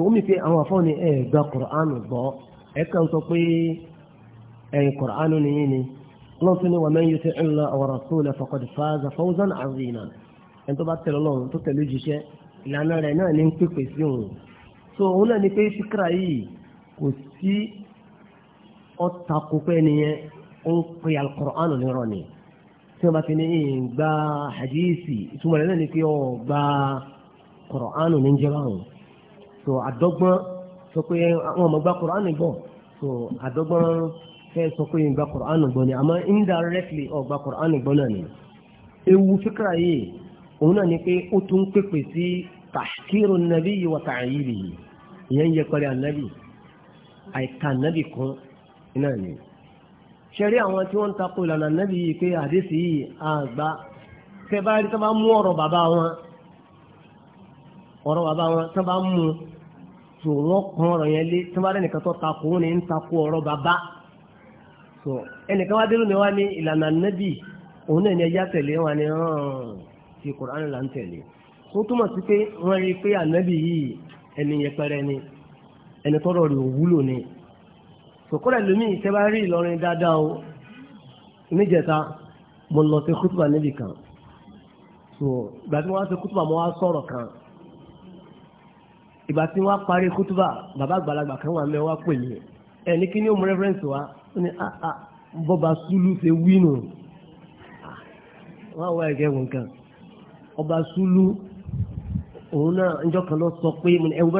so ó mi pé àwọn afọ́ ni ẹ̀ gba kùránù gbọ́ ẹ̀ kàn sọ pé ẹ̀yìn kùránù nìyí ni wọ́n tún ní wa man yuti'i Allaha wa rasulahu faqad faza fawzan azima ẹ̀ tó bá tẹ̀lé ọlọ́run tó tẹ̀lé jíṣẹ́ ìlànà rẹ̀ náà ní pípé sí òun so òun náà ni pé síkírà yìí kò sí ọ̀tà kópẹ́ nìyẹn ó ń pè alukọ̀ránù nírọ̀ ni tí wọ́n bá ti ní ìgbà hadisi ìtumọ̀ rẹ̀ náà ni pé ọ̀ gba kọ̀ránù níjẹ́ so àdọ́gbọ́n sọ pé àwọn ọmọ gba Kùránì gbọ́ so àdọ́gbọ́n fẹ́ gba ni indirectly gba ewu fikra yi òun náà ni pé ó tún pèpè sí tàṣkírù nàbí yìí ìyẹn ànábì àìka ànábì kan náà ni ṣẹ̀rí àwọn tí wọ́n ń takò ìlànà ànábì yìí pé àdéṣì yìí àgbà tẹ bá rí tó bá mú ọ̀rọ̀ bàbá wọn so wọ́n kàn ọ̀rọ̀ yẹn lé tí wọ́n bá nìkan tó takò wọ́n ní ń takò ọ̀rọ̀ bàbá so ẹnìkan wá dérò ní wá ní ìlànà nẹ́bì òun náà ní ẹja tẹ̀lé wọn ni ti Kùránì là ń tẹ̀lé tó túmọ̀ sí pé wọ́n rí i pé ànẹ́bì yìí ẹni yẹpẹrẹ ni ẹni tọ́rọ̀ rẹ̀ òwúlò ni sòkòrò ẹlòmíì tẹ́ bá rí Ìlọrin dáadáa o níjẹta mo lọ sí kútùbà níbì kan so ìgbà tí wọ́n á sí kútùbà mo wá sọ̀rọ̀ kan ìgbà tí wọ́n parí kútúbà bàbá àgbàlagbà kan wà mẹ́wàá pè mí ẹ̀ ní kí ni ó mú rẹ́fẹ́rẹ́nsì wa ó ní ah, ah, bọ́ba sulu ṣe wí nù ah, wọ́n wá ẹ̀gẹ́ wọn kan ọba sulu òun náà ńjọ́ kan lọ sọ pé ẹ̀wù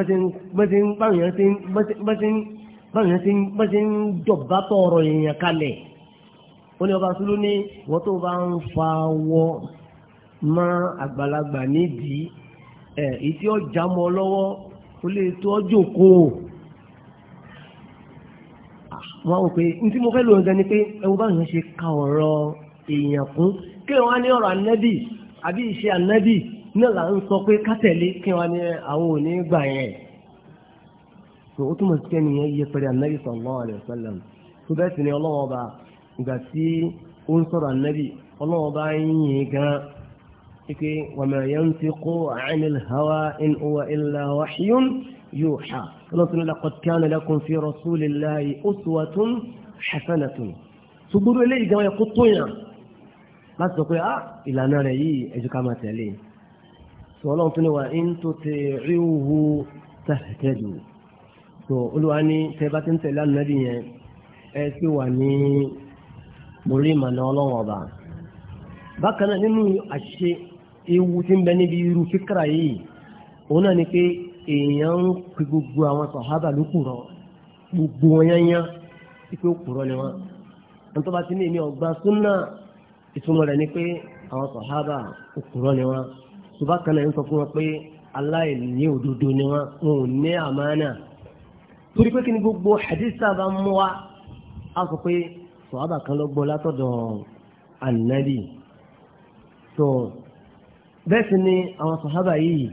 bẹ́sẹ̀ ń báwọn yẹn ṣe ń jọba tọ̀ọ̀rọ̀ èèyàn kalẹ̀ ó ní ọba sulu ní wọ́n tó bá ń fa wọ́ mọ́ àgbàlagbà nídìí ẹ̀ ìtí ọjà mọ́ lọ́wọ́ kò lè o wọ́n wò pé ní tí mo fẹ́ lò ń gan ni pé ẹwọ́ báyìí ṣe ka ọ̀rọ̀ èèyàn kún kí wọ́n á ní ọ̀rọ̀ ànábì àbí ìṣe ànábì náà là ń sọ pé ká tẹ̀lé kí wọ́n á ní àwọn òní gbà yẹn tó o túmọ̀ sí kẹ́ni yẹn yẹ pẹ̀lú ni ọlọ́wọ́ ìgbà tí ó ń sọ̀rọ̀ ike wàmà yantiqu anil hawa in huwa illa wahyun yuha ọlọ́tún laqad kana lakum fi rasulillahi uswatun hasanatun ṣùgbọ́n eléyìí gan ẹ̀kú tó yàn láti sọ pé á ah, ìlànà rẹ̀ yìí ẹ̀jú ká máa tẹ̀lé sọ ọlọ́run tó ní wa in tuti'uhu tahtadu sọ olúwa ní tẹ́ bá ti ń tẹ̀lé ànábì yẹn ẹ sì wà ní orí ìmọ̀nà ọlọ́run ọba bákan náà nínú àṣìṣe ewu tí ń bẹ níbi irú fíkra yìí òun náà ni pé èèyàn ń pe gbogbo àwọn sàhábà ló kù rọ gbogbo wọn yányán pípé ó kù rọ ni wọn wọn tó bá ti ní èmi ọgbà súnà ìtumọ̀ rẹ̀ ni pé àwọn sàhábà ó kù ni wọn tó kan náà ń sọ fún wọn pé aláìní òdodo ni wọn wọn ní àmánà torí pé kí ni gbogbo hadith sábà mú wa á sọ pé sàhábà kan ló gbọ́ látọ̀dọ̀ ànábì bẹ́ẹ̀ sì ni àwọn sàhábà yìí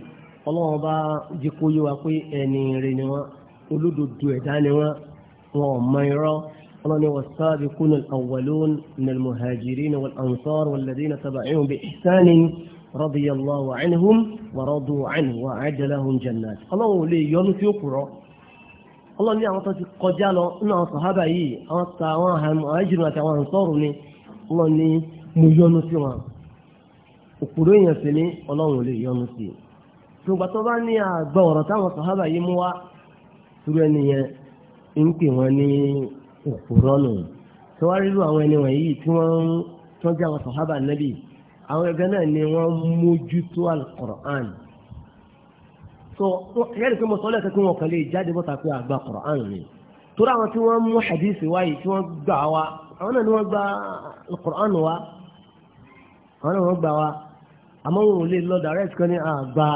ọlọ́wọ́n bá jí kó yé wa pé ẹni rẹ ni wọ́n olódodo ẹ̀dá ni wọ́n wọn ò mọ irọ́ ọlọ́ni والسابقون الأولون من المهاجرين والأنصار والذين تبعوهم بإحسان رضي الله عنهم ورضوا عنه وأعد لهم جنات ọlọ́wọ́n lè yọnu tí ó kúrọ́ ọlọ́ni àwọn tó ti kọjá lọ nínú àwọn sàhábà yìí àwọn tàwọn àjùmọ̀ àtàwọn ànsọ́rù ni ọlọ́ni mo yọnu sí wọn. òkúrò èèyàn sì ni ọlọ́run ò lè yọ́nú sí i ṣùgbọ́n tó bá ní àgbọ̀ ọ̀rọ̀ táwọn sàhábà yìí mú wá ẹni yẹn ń pè wọ́n ní òkúrọ́ nù tó wá rírú àwọn ẹni wọ̀nyí tí wọ́n ń tọ́jú àwọn sàhábà so ni pé mo sọ wọn kàn lè jáde bọ́ta pé àgbà ni àwọn al àmọ́ wọn ò lè lọ direct kan ní àgbà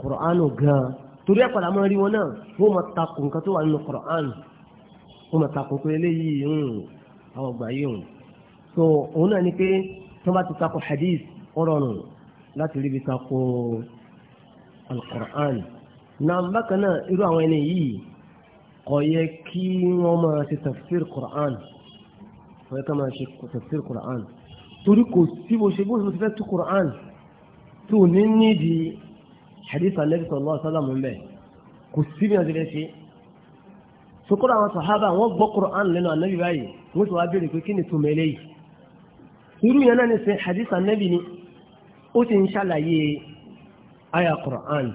kùránù gan torí ẹ̀ padà máa rí wọn náà wọ́n máa takò nǹkan tó wà nínú kùránù wọ́n máa takò pé eléyìí àwọn ọgbà yìí hùn so òun náà ni pé tó bá ti takò hadith ọ̀rọ̀rùn láti ríbi takò alukur'an náà bákan náà irú àwọn ẹni yìí kò yẹ kí wọ́n máa ṣe tafsir kur'an kò yẹ ká máa ṣe tafsir kur'an torí kò sí bó ṣe bó ṣe fẹ́ tú kur'an tó ní nídìí hadith anabi sallallahu alaihi wasallam mbẹ kò síbi náà ti lè ṣe sokoro àwọn sahaba wọn gbọ́ quran lẹ́nu anabi báyìí wọn ti wá béèrè pé kí ni tùmọ̀ eléyìí irú yẹn náà ní sẹ hadith anabi ni ó ti ń ṣàlàyé aya quran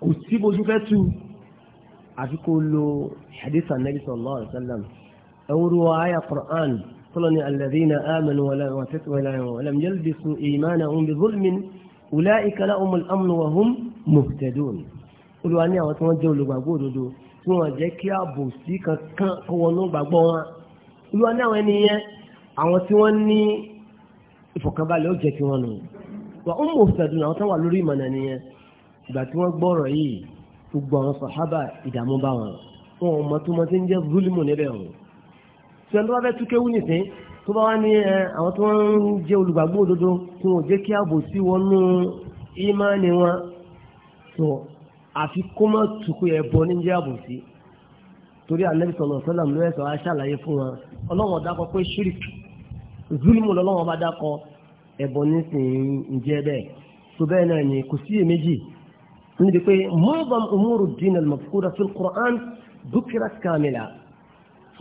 kò sí bójú fẹ́ tu àfi kó lo hadith anabi sallallahu alaihi wasallam ẹwúrú aya quran tọ́lọ́ ni alladhina amanu wa lam yalbisu imanahum bi zulmin ulaika lahumul amnu wa hum muhtadun olùwà ní àwọn tí wọ́n jẹ́ olùgbàgbọ́ òdodo tí wọ́n jẹ́ kí ààbò sí kankan kó wọnú gbàgbọ́ wọn olùwà ní àwọn ẹni yẹn àwọn tí wọ́n ní ìfọ̀kànbalẹ̀ ó jẹ́ kí wọ́n nù wà ó muhtadun àwọn tó wà lórí ìmọ̀nà nìyẹn ìgbà tí wọ́n gbọ́rọ̀ yìí gbogbo àwọn sàhábà ìdààmú bá wọn wọn ò mọ tó mọ tí ń jẹ́ zulmù níbẹ̀ wọn. sọ̀rọ̀ bá fẹ́ túkẹ́ wú nìsín tó bá wá ní ẹ àwọn tí wọ́n ń jẹ́ olùgbàgbọ́ òdodo tí wọ́n jẹ́ kí ààbò sí wọnú ìmánì wọn tó àfi kó má tukú ẹ̀bọ níjẹ́ ààbò sí torí Ànábì sallallahu alaihi wasallam ló ẹ̀sọ́ aṣàlàyé fún wọn ọlọ́wọ́n dákọ pé ṣírìkì zulmu lọ́lọ́wọ́n bá dákọ ẹ̀bọ nísìnyí ń jẹ́ bẹ́ẹ̀ tó bẹ́ẹ̀ náà ni kò sí èméjì níbi pé mọ́ọ̀bàm umuru din al-mazkura fil Qur'an dukirat kamila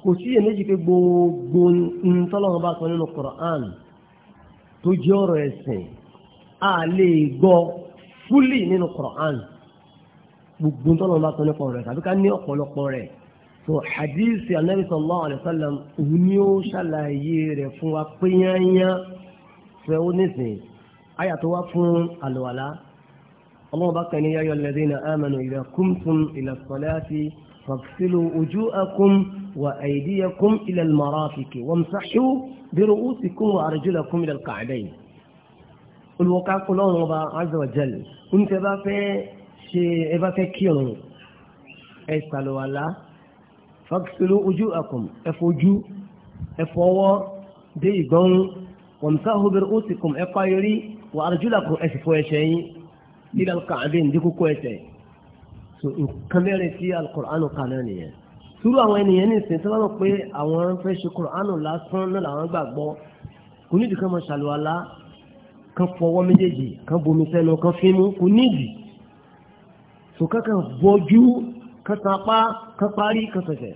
kò sí èméjì pé gbogbo ntọ́lọ́wọ́n bá sọ nínú Qur'an tó jẹ́ ọ̀rọ̀ ẹ̀sìn a lè gbọ́ fúlì nínú Qur'an gbogbo ntọ́lọ́wọ́n bá sọ nípa ọ̀rọ̀ ẹ̀sìn àbí ká ní ọ̀pọ̀lọpọ̀ rẹ̀ tó hadithi anabi sallallahu alayhi wa sallam òun ni ó ṣàlàyé rẹ̀ fún wa péyányá fẹ́ ó nísìn àyà tó wá fún àlùwàlá ọlọ́wọ́n bá kàn ní yā ayyuhal ladhina amanu idha kumtum وأيديكم إلى المرافق وامسحوا برؤوسكم وأرجلكم إلى القعدين الوقع قلون ربا عز وجل انت بافي شي إيه بافي كيون اسألوا الله فاكسلوا وجوءكم افوجو افوو دي دون وامسحوا برؤوسكم افايري وأرجلكم افوشي إلى القعدين ديكو كويتين سو كميري في القرآن القانونية túrú àwọn ènìyàn ní ìsìn tó bá mọ̀ pé àwọn fẹ́ ṣe kùránù lásán náà làwọn gbàgbọ́ kò nídìí kan máa ṣàlùwàlá kan fọwọ́ méjèèjì kan bomi sẹ́nu kan fímú kò nídìí tó kankan bọ́jú kan sapá kan parí kan sẹ̀sẹ̀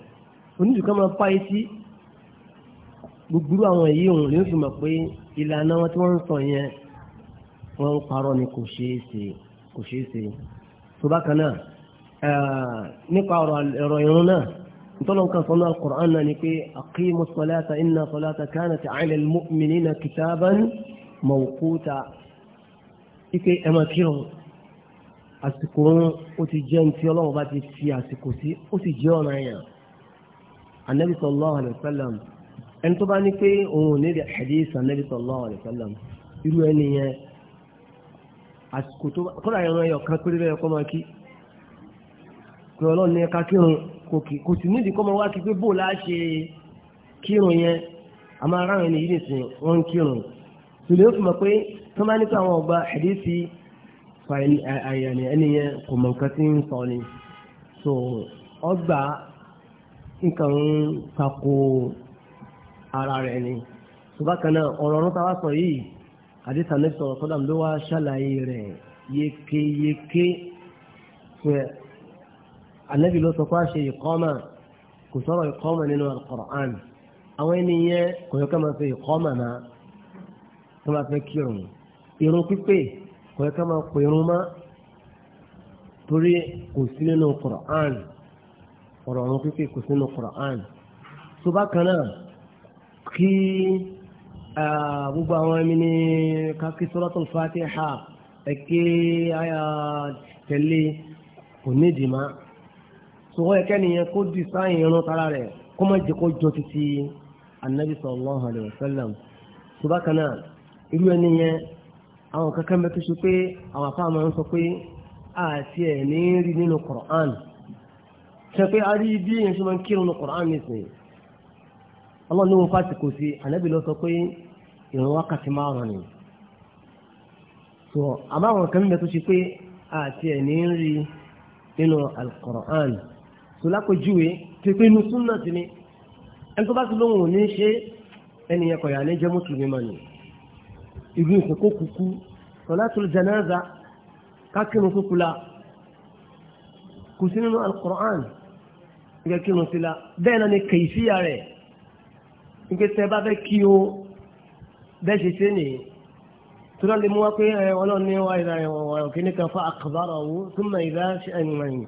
kò nídìí kan máa pa etí gbogbo àwọn èyí òun ló fi mọ̀ pé ìlànà wọn tí wọ́n ń sọ yẹn wọ́n ń parọ́ ni kò ṣeé ṣe kò ṣeé ṣe tó bákan náà nípa ọ̀rọ̀ ìrún náà ntọ́lọ́nkà sọ́nà alukur'an náà ni pé aqimu salata inna salata kanat ala almu'minina kitaban mawquta ipe ẹ̀ma kírun àsìkò ń ó ti jẹ́ ntí ọlọ́run bá ti fi àsìkò sí ó sì jẹ́ ọ̀nà yẹn anabi sallallahu alayhi wa sallam ẹni tó bá ní pé òun ò ní rí hadith anabi sallallahu alayhi wa sallam irú ẹni yẹn àsìkò tó kọ́ra ẹ̀rọ ẹ̀yọ̀ kan péré lẹ́yọ̀ kọ́ máa kí pé ọlọ́run ní ẹ̀ka kírun kò sì nídìí kọ́ mọ wá kí pé bó la ṣe kírun yẹn àmọ́ ara rẹ̀ nìyí nìsín wọ́n ń kírun tòlẹ́ ó fi mọ̀ pé tó máa ní pé àwọn ọgbà hadisi ẹni yẹn kò mọ̀ nǹkan tí ń sọ ni so ọgbà nǹkan ń tako ara rẹ̀ ni ṣùgbọ́n náà ọ̀rọ̀ ọ̀run táwa sọ yìí àdìsàn ní sọ̀rọ̀ sọ́dà ló wá ṣàlàyé rẹ̀ yékéyéké ànábì ló sọ pé a ṣe ìkọ́mà kò sọ̀rọ̀ ìkọ́mà nínú alukur'an àwọn ènìyàn kò yẹ ká máa ṣe ìkọ́mà náà ká máa fẹ́ kírun irun pípé kò yẹ ká máa pè irun mọ́ torí kò sí nínú alukur'an ọ̀rọ̀ ọ̀run pípé kò sí nínú alukur'an tó bá kan náà kí gbogbo àwọn ẹni ní kákí suratul Fatiha ẹ̀kí tẹ̀lé kò nídìí máa sùgbọ́n ẹ̀kẹ́ nìyẹn kó di sáyìn irun tara rẹ̀ kó má jẹ́ kó jọ títí anabi sallallahu alayhi wa sallam ṣùgbọ́n kan náà irú ẹni yẹn àwọn kankan bẹ tó ṣe pé àwọn afá máa ń sọ pé àti ẹ̀ ní rí nínú Qur'an ṣe pé a rí bí èèyàn ṣe máa ń kírun ní Qur'an nìsín Allah ní wọn fàtí kò sí anabi lọ sọ pé ìrun wákàtí márùn ni so àmọ́ àwọn kan bẹ tó ṣe pé àti ẹ̀ ní rí nínú al sọlápẹjúwe pípé inú súnà sí ni ẹni tó bá ti lóhùn ní ṣe ẹnìyẹn kọ̀yà ní jẹ́ mùsùlùmí mọ̀ ni ìlú ìkókó kúkú sọlátùl janaza kákínú kúkú la kò sí nínú alukur'an nígbà kírun sí la bẹ́ẹ̀ náà ni kèéfìyà rẹ̀ nígbà tẹ́ bá fẹ́ kí o bẹ́ẹ̀ ṣe ṣe nìyí tó mú wá pé ọlọ́ọ̀ni wa ìlànà ọ̀kẹ́ nìkan fún àkàbàrà owó tó mọ̀ ìlà ṣe ẹ̀yìn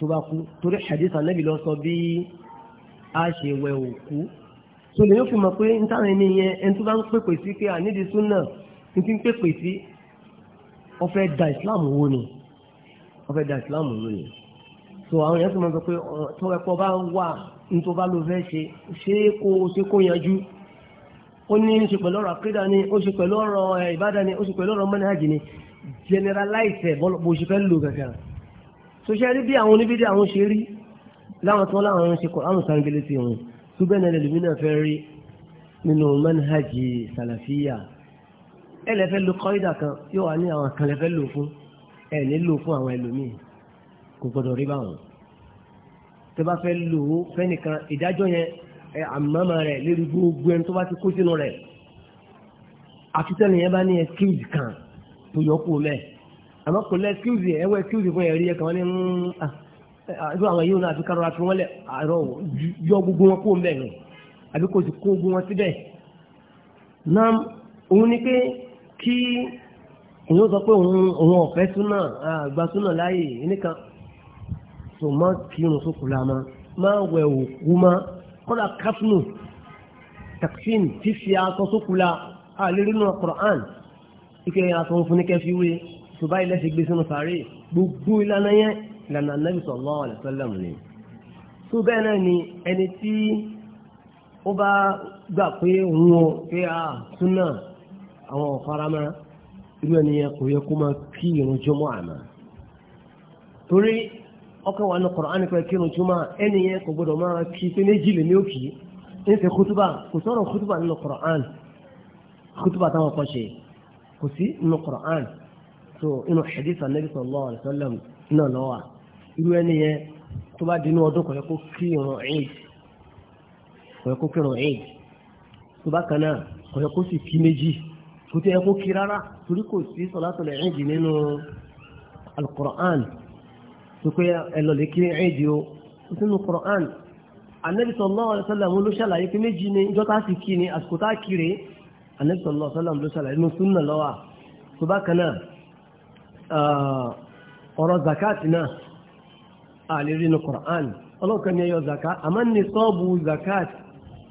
tó bá kú torí hadith Ànábì lọ sọ bí a ṣe wẹ òkú tó lè yóò fi mọ̀ pé nítawọn ẹni yẹn ẹni tó bá ń pèpè sí pé ànídi súnà ní ti ń pèpè sí ó da Islam wo ni ó fẹ́ da Islam wo ni so àwọn yẹn tó máa sọ pé tó ẹ̀kọ́ bá wà ní tó bá ló fẹ́ ṣe ṣé kó ṣe kó yanjú ó ní í ṣe pẹ̀lú ọ̀rọ̀ àkídà ni ó ṣe pẹ̀lú ọ̀rọ̀ eh, ìbádà ni ó pẹ̀lú ọ̀rọ̀ mọ́nìhàjì ni generalize bó ṣe fẹ́ lò gàgàrà tó ṣe rí bí àwọn oníbídé àwọn ṣe rí láwọn tó láwọn ń ṣe kọ àwọn sangele sí wọn ṣùgbọ́n náà lèmi náà fẹ́ rí nínú manhaji salafiya ẹ lè fẹ́ lo kọ́ídà kan yóò wá ní àwọn kan lè fẹ́ lò fún ẹ nílò fún àwọn ẹlòmíì kò gbọdọ̀ rí báwọn tó bá fẹ́ lò ó fẹ́nìkan ìdájọ́ yẹn ẹ àmọ́mọ́ rẹ̀ lérí gbogbo ẹni tó bá ti kó sínú rẹ̀ àfitẹ́niyẹn bá ní ẹ kéèjì kan tó yọ kú mẹ́ẹ̀ àmọ́ kò lẹ́ ẹ́skúùsì ẹ̀ wọ ẹ́skúùsì fún ẹ̀rí ẹ̀kan ní hmm, ah, eh, irú àwọn yìí náà àti kárọ̀rọ̀ àti wọ́n lẹ̀ àrọ̀ yọ gbogbo wọn kó mbẹ̀ yẹn àbí kò sì kó gbogbo wọn síbẹ̀ náà òun ni pé kí èèyàn sọ pé òun ọ̀fẹ́ súnà àgbà súnà láàyè nìkan tó má kírun sókùn la ma má wẹ̀ òkú ma kọ́dà káfínù takfin fífi aṣọ sókùn la àlérínú Qur'an ike aṣọ òfin kẹfì wé ṣùgbọ́n ilẹ̀ ṣe gbé sínú sàárè gbogbo ìlànà yẹn ìlànà anábì sallallahu alaihi wasallam ni. tó bẹ́ẹ̀ náà ni ẹni tí ó bá gbà pé òun o pé a súnà àwọn ọ̀farama irú ẹni yẹn kò yẹ kó máa kí irun jọmọ́ àmà. torí ọkàn wà ní Qur'an pé kí irun jọmọ́ ẹni yẹn kò gbọdọ̀ máa kí pé méjì lè ní òkì ń kútúbà kò sọ̀rọ̀ kútúbà nínú Qur'an kútúbà táwọn kan ṣe kò sí nínú Qur'an so inú hadith anabi sallallahu alayhi wa sallam náà lọ wà irú ẹni yẹn tó bá di inú ọdún kò yẹ kó kí irun eid kò yẹ kó kí irun eid tó bá kan náà kò yẹ kó sì kí méjì kò tó yẹ kó kí rárá torí kò sí salatul eid nínú alukur'an tó kó ẹ lọ lè kí eid o kò sínú kur'an anabi sallallahu alayhi wa sallam ló ṣàlàyé pé méjì ni ìjọ tá a sì kí ni àsìkò tá a kiri anabi sallallahu alayhi wa sallam ló ṣàlàyé nínú súnà lọ́wọ́ tó bá kan náà ọ̀rọ̀ zakat náà àlérí ní Qur'an ọlọ́kan ni ẹyọ zakat àmọ́ ní sọ́ọ̀bù zakat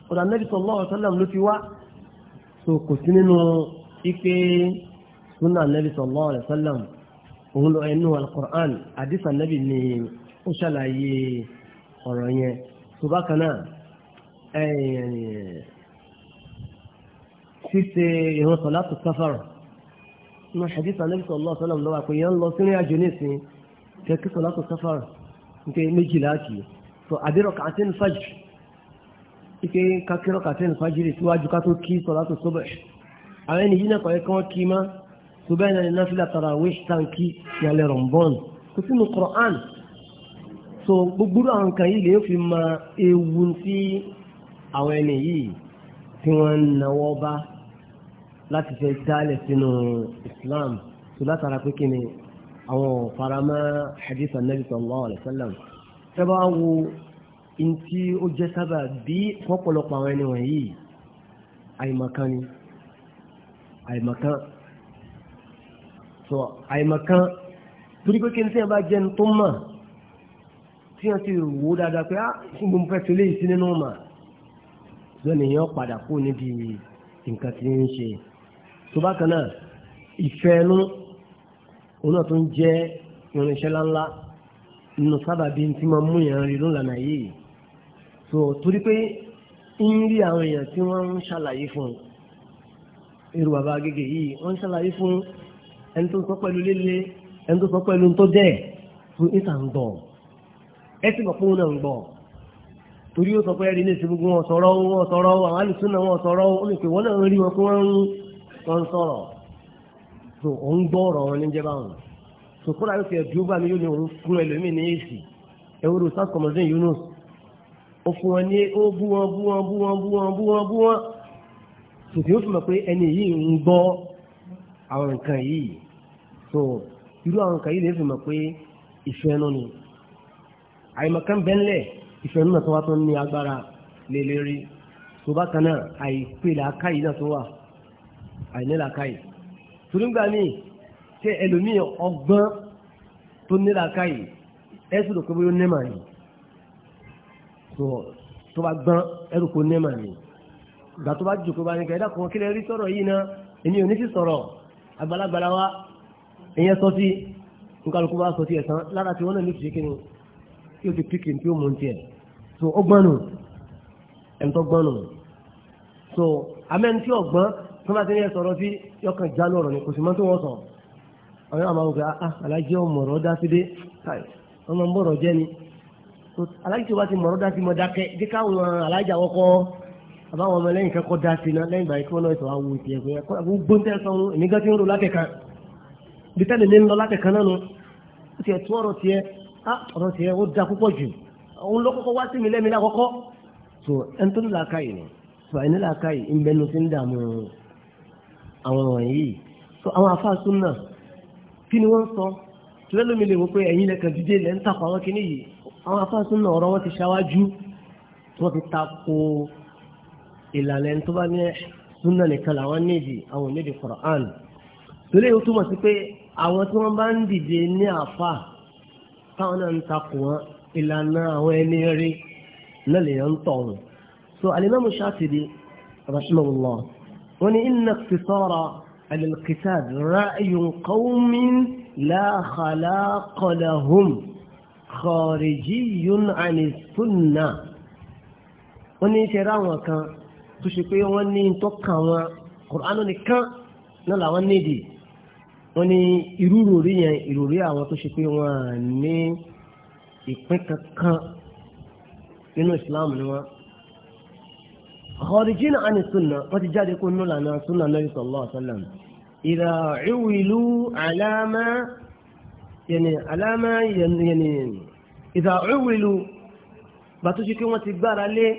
ọ̀dà Nabi sallallahu alaihi wasallam ló ti wá so kò sí nínú ipe sunna Nabi sallallahu alaihi wasallam òun lọ ẹnu al-Qur'an àdìsá Nabi ni ó ṣàlàyé ọ̀rọ̀ yẹn so bákan náà ṣíṣe ìrun salatu safar nínú hadith anabi sallallahu alaihi wasallam lọ́wọ́ pé yẹn ń lọ sínú àjò nísìn fẹ́ kí sọlá tó sáfàrà nke méjìlá kì í sọ àbírọ̀ kàtẹ́ni fàjì ike kakirọ̀ kàtẹ́ni fàjì rẹ̀ síwájú ká tó kí sọlá tó sọ́bẹ̀ àwọn ẹni yìí náà kọ̀ kí wọ́n kí má tó náà ní náfìlà tarawih tàǹkì yàlẹ̀ rọ̀mbọ́n kò sínú Qur'an so gbogbo àwọn nǹkan yìí lè fi ma ewu tí àwọn ẹni yìí tí wọ́n ń bá láti fẹ́ dálẹ̀ sínú islam tó látara pé kí ni àwọn faramá hadith anabi sallallahu alayhi wa sallam sábà wo ntí ó jẹ́ sábà bí fọ́pọ̀lọpọ̀ àwọn ẹni wọ̀nyí àìmọ̀kan ni àìmọ̀kan so àìmọ̀kan torí pé kí n sẹ́yìn bá jẹ́ ní tó mọ̀ tí wọ́n ti wò dáadáa pé ah ṣé mo fẹ́ tolé yìí sí nínú mà lónìí yẹn padà kú níbi nǹkan tí ń ṣe tó bá kan náà ìfẹ́ ẹnu òun náà tó ń jẹ́ irinṣẹ́ ńláńlá nínú sábàbí tí máa mú yẹn rí lọ́nà yìí tó torí pé ń rí àwọn èèyàn tí wọ́n ń ṣàlàyé fún un irú bàbá gègé yìí wọ́n ń ṣàlàyé fún ẹni tó ń sọ pẹ̀lú líle ẹni tó sọ pẹ̀lú tó dẹ̀ fún ìta gbọ̀ ẹ sì mọ̀ pé òun náà ń gbọ̀ torí ó sọ pé ẹni ní ìsìn gbogbo wọn sọ̀rọ̀ wọn sọ̀rọ̀ àwọn àlùsùn náà wọn sọ̀rọ̀ ó lè pè wọ́n náà ń rí wọn pé wọ́n ń wọ́n ń sọ̀rọ̀ tó òun gbọ́ ọ̀rọ̀ wọn ní jẹba a tó kúrò àyè a ẹ̀dùn bá mi yóò ní òun fún ẹlòmíì ní èsì ewúro south commonwealth Yunus ó fún wọn ní ó bú wọn bú wọn bú wọn bú wọn bú wọn bú wọn ó fi mọ̀ pé ẹni yìí ń gbọ́ àwọn nǹkan yìí tó irú àwọn nǹkan yìí lè fi mọ̀ pé àìnílàkàyè torígbà míì ṣe ẹlòmíì ọgbọ́n tó nílàkàyè ẹ̀sùn òkè bóyá onímọ̀ ni tó bá gbọ́n ẹ̀rù kò onímọ̀ ni ìgbà tó bá jòkó bá nìkan ẹ̀dá kan kílẹ̀ rí sọ̀rọ̀ yìí náà èmi ò ní sí sọ̀rọ̀ àgbàlagbàlà wa ìyẹn sọ sí nkálukú bá sọ sí ẹ̀sán lára tí wọ́n náà ní ti ṣe kí ni tí o ti píkì tí o mú tiẹ̀ so ó gbọ́n nù ẹ̀ńtọ́ nù so amẹ́ni tí ọ̀gbọ́n tó bá ti yẹ sọ̀rọ̀ sí yọkàn já lọ́rọ̀ ni kò sì mọ́ tó wọ́n sọ àwọn àmà òkè ah, ah, alájẹ́ ọmọọ̀rọ̀ dá sí dé ọmọ mọ̀rọ̀ jẹ́ ni alájẹ́ tó bá ti mọ̀rọ̀ dá sí mọ́ dákẹ́ dé káwọn alájà wọ́kọ́ àbáwọn ọmọ lẹ́yìn kẹ́kọ́ dá sí náà lẹ́yìn báyìí kí wọ́n náà sọ àwọn ìtì ẹ̀kọ́ gbogbo tẹ́ sọ ohun èmi gan ti ń ro látẹ̀ka bí tẹ́lẹ̀ mi ń lọ látẹ̀ka náà nu tiẹ̀ á ọ̀rọ̀ tiẹ̀ ah, so ẹni tó ní so àìní làákàyè ń bẹnu ti ń dààmú àwọn wọ̀nyí so àwọn afáàsùn náà kí ni wọ́n sọ lẹ́lómi lè wọ́n pé ẹ̀yin lẹ́kàn dídé lẹ́ ń takò àwọn kìíní yìí àwọn afáàsùn náà ọ̀rọ̀ wọn ti ṣáwájú wọ́n ti takò ìlànà ẹni tó bá ní súnà nìkan làwọn nídìí àwọn nídìí Qur'an torí ó túmọ̀ sí pé àwọn tí wọ́n bá ń dìde ní àfà táwọn náà ń takò wọn ìlànà àwọn ẹni rí náà lè yàn tọ̀ wọn so Al-Imam Shatili rahimahullah إن اقتصار الانقساد رأي قوم لا خلاق لهم خارجي عن السنة وإن شراء وكان تشكي وإن توقع قرآن نكا نلا وندي wọ́n ní ìrúrò rí yẹn ìròrí àwọn tó ṣe pé wọ́n ní خارجين عن السنة قد يقول نول عن سنة النبي صلى الله عليه وسلم إذا عولوا على ما يعني على ما يعني, يعني إذا عولوا باتوشي كما تبار عليه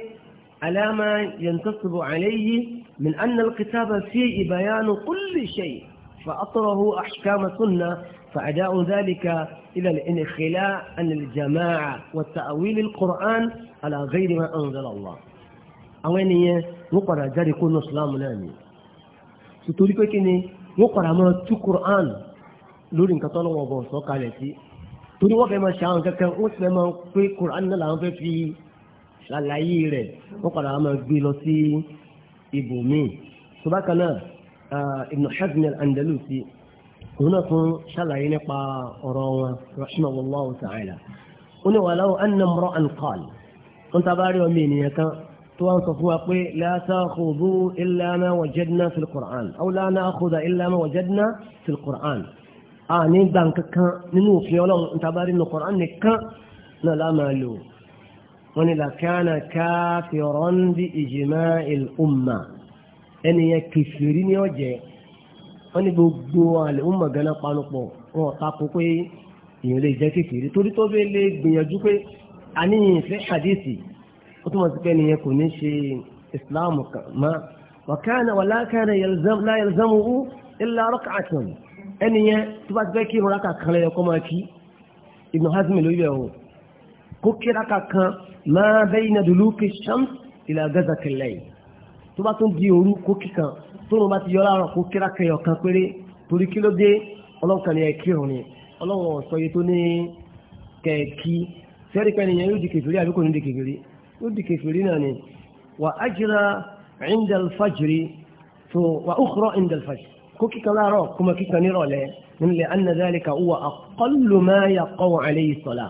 على ما ينتصب عليه من أن الكتاب فيه بيان كل شيء فأطره أحكام السنة فأداء ذلك إلى الانخلاء عن الجماعة والتأويل القرآن على غير ما أنزل الله àwọn ènìyàn wọ́n padà jáde kó nù ìsìláàmù náà ni tòtòrí pé kí ni wọ́n padà máa tú Qur'an lórí nǹkan tó lọ́wọ́ bọ̀ sọ́ kalẹ̀ sí torí wọ́n fẹ́ máa ṣàwọn kankan wọ́n sì fẹ́ máa pé Qur'an náà làwọn fẹ́ fi ṣàlàyé rẹ̀ wọ́n padà máa gbé lọ sí ibòmíì tó bá kan náà andalusi òun náà tún ṣàlàyé nípa ọ̀rọ̀ wọn rahimahullahu ta'ala ó ní wàhálà ó annamra'an qala ó ń tabarí ọmọ ènìyàn kan tó wá ń sọ fún wa pé la ta'khudhu illa ma wajadna fil Qur'an aw la na'khudha illa ma wajadna fil Qur'an a ní gbàǹkankan nínú òfin ọlọ́run ntabari nínú Qur'an nìkan náà lá máa lò wọ́n ní lakana kafiran bi ijma'il umma ẹnìyẹn kìfìrí ní ọ̀jẹ̀ wọ́n ní gbogbo àlè umma gánà panupọ̀ wọn tako pé èèyàn lè jẹ́ kìfìrí torí tó fẹ́ lè gbìyànjú pé àníyàn fẹ́ hadithi ó túmọ̀ sí pé nìyẹn kò ní ṣe ìsìláàmù kan mọ́ wàkánà wàlákánà láyẹ̀lẹ́sàmù ó ilẹ̀ arọ́kà àtàn ẹnìyẹn tó bá ti fẹ́ kí ìrora kan lẹ́yọ kọ́ máa kí Ibn Hazm ló yẹ o kó kí ìrora kan máa bẹ́yìn náà dùlú kí sàm ilẹ̀ àgàzà kẹlẹ́ yìí tó bá tún di òru kó kí kan tó ló bá ti yọ láàárọ̀ kó kí ìrora kan kan péré torí kí ló dé ọlọ́run kan ní ẹ kírun ó di kèfèrí náà ni wà ájìrà ìndàlfàjìrì tó wà ókùrọ̀ ìndàlfàjìrì kó kíkan láàárọ̀ kó máa kíkan nírọ̀lẹ́ nílẹ̀ anadálẹ́ka wà àkọlù máa yà kọ́wọ́ àlẹ́ yìí sọ̀lá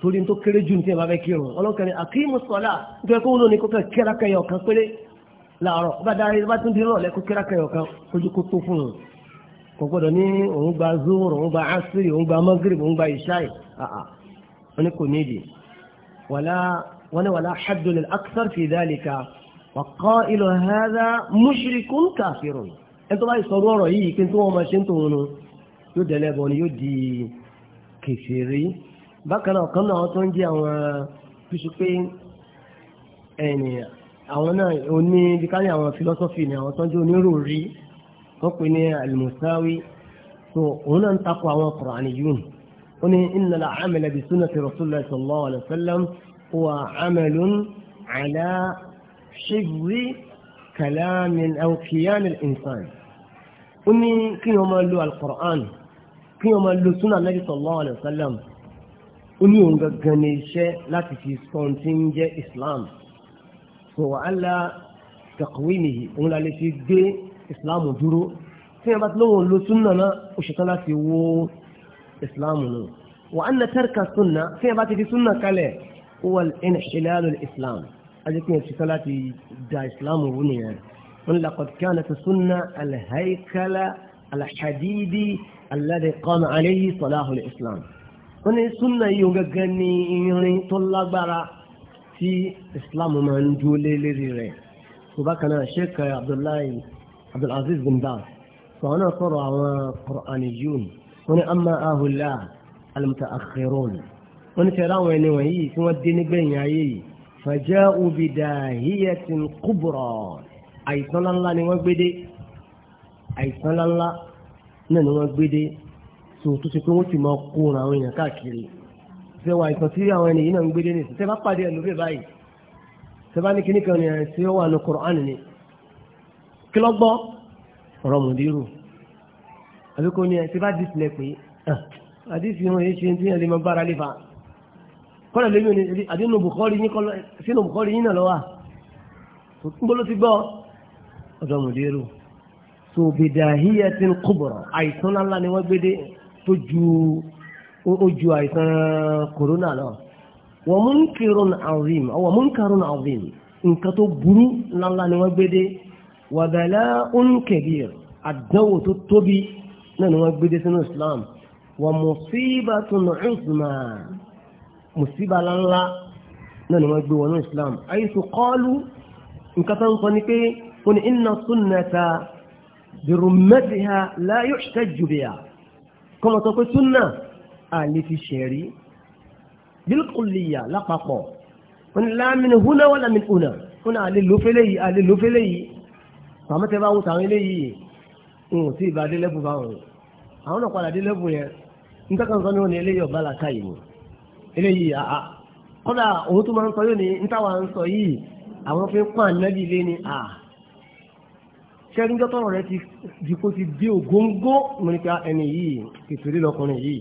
torí tó kéré jù nítorí bàbá kírun ọlọ́kẹ́ni àkíyèmú sọ̀lá nítorí kó wọn ní kó kẹ́ kẹ́ra kẹ́yọ̀ kan péré láàárọ̀ bá dárí bá tún di rọ̀lẹ́ kó kẹ́ra kẹ́yọ̀ kan kójú kó tó fún un kò gbọ́dọ̀ ní òun gba zuhur òun gba asiri òun gba magrib òun gba ishai àà wọn ni kò ní ìdí wàlá ولا ولا حد للأكثر في ذلك وقائل هذا مشرك كافر انتو باي صرورو يي كنتو وما شنتو هنو يدلي بوني يدي كفيري بكنا وقنا وطنجي او بشكين يعني àwọn náà oní bíkálẹ̀ àwọn fílọ́sọ́fì ni àwọn tọ́jú onírúurí wọ́n pè ní alimusawi so òun náà ń takò àwọn kùránì yìí ó ní ìnana àmì lẹ́bi súnà ti rasulillah sallallahu alayhi wa sallam هو عمل على حفظ كلام أو كيان الإنسان أمي كي يوم له القرآن كي يوم له سنة النبي صلى الله عليه وسلم أمي يوم جنيشة لا تفي سكونتينجة إسلام سو على تقويمه أمي لا تفي إسلام دورو كي يوم له سنة وشتلا في وو إسلام وأن ترك السنة كي يوم تفي سنة كله هو الانحلال الإسلام أجتني الشكلة جاء إسلام ونيا قل لقد كانت السنة الهيكل الحديدي الذي قام عليه صلاة الإسلام قل السنة يوغغني إيوني طلاب برا في إسلام من جولي لريري وبكنا الشيخ عبد الله عبد العزيز بن باز فأنا صرع قرآنيون قل أما أهل الله المتأخرون wọ́n ní sẹ́ra àwọn ẹni wọ̀nyí tí wọ́n dé nígbẹ̀yìn ayé yìí fàjẹ́ òbídà híyẹ ti ń kúbùrọ̀ àìsàn ńláńlá ni wọ́n gbédé àìsàn ńláńlá náà ni wọ́n gbédé tó tó ṣe pé wọ́n ti máa kó àwọn èèyàn káàkiri ṣe wà àìsàn tí àwọn ẹni yìí náà ń gbédé ní ìsìn bá pàdé ẹ̀ lórí báyìí tẹ́ bá ní kíní kan ní ẹ̀ tí wà ní Kùránì ni kí ọ̀rọ̀ mùdírù àbíkó ní ẹ̀ tí bá dìsílẹ̀ pé ah, àdìsí wọn èyí ṣe ń tí ẹ̀ lè máa bára lè fa kọ́lẹ̀ lórí ní àdínú Bukhari yín kọ́lọ́ sínú Bukhari yín náà lọ́wọ́ gbọ́dọ̀ ti gbọ́ ọ̀dọ̀ mùdírù tó bidahiyatin kubra àìsàn ńlá ni wọ́n gbédé tó ju ojú àìsàn kòrónà lọ wọ́n mú nkirun azim wọ́n mú nkarun azim nǹkan tó burú ńlá ni wọ́n gbédé wa bala'un kabir àdánwò tó tóbi náà ni wọ́n gbédé sínú Islam wa musibatun uzma mùsíbà ńláńlá náà ni wọ́n gbé wọnú islam àyíṣu kọ́ọ̀lù nǹkan tó ń sọ ni pé ó ní inna sunnata birumatiha la yuhtajju biha kọ́mọ sọ pé súnà àlè fi ṣẹ̀rí bilkulliya lápapọ̀ ó ní láàmìn húnà wà láàmìn húnà ó ní àlè lófẹ́lẹ́ yìí àlè lófẹ́lẹ́ yìí pàmẹ́tẹ́ bá wù tàwọn eléyìí n ò bá délẹ́bù báwọn àwọn náà padà yẹn nítorí kan sọ ní wọn ni eléyìí ọ̀bá làkàyè ni. eléyìí àá kódà òun tó máa ń sọ yóò ní ntáwa ń sọ yìí àwọn fi ń ànábì àá rẹ ti di kó ti ògóńgó mọ̀nìkà ẹni yìí lọkùnrin yìí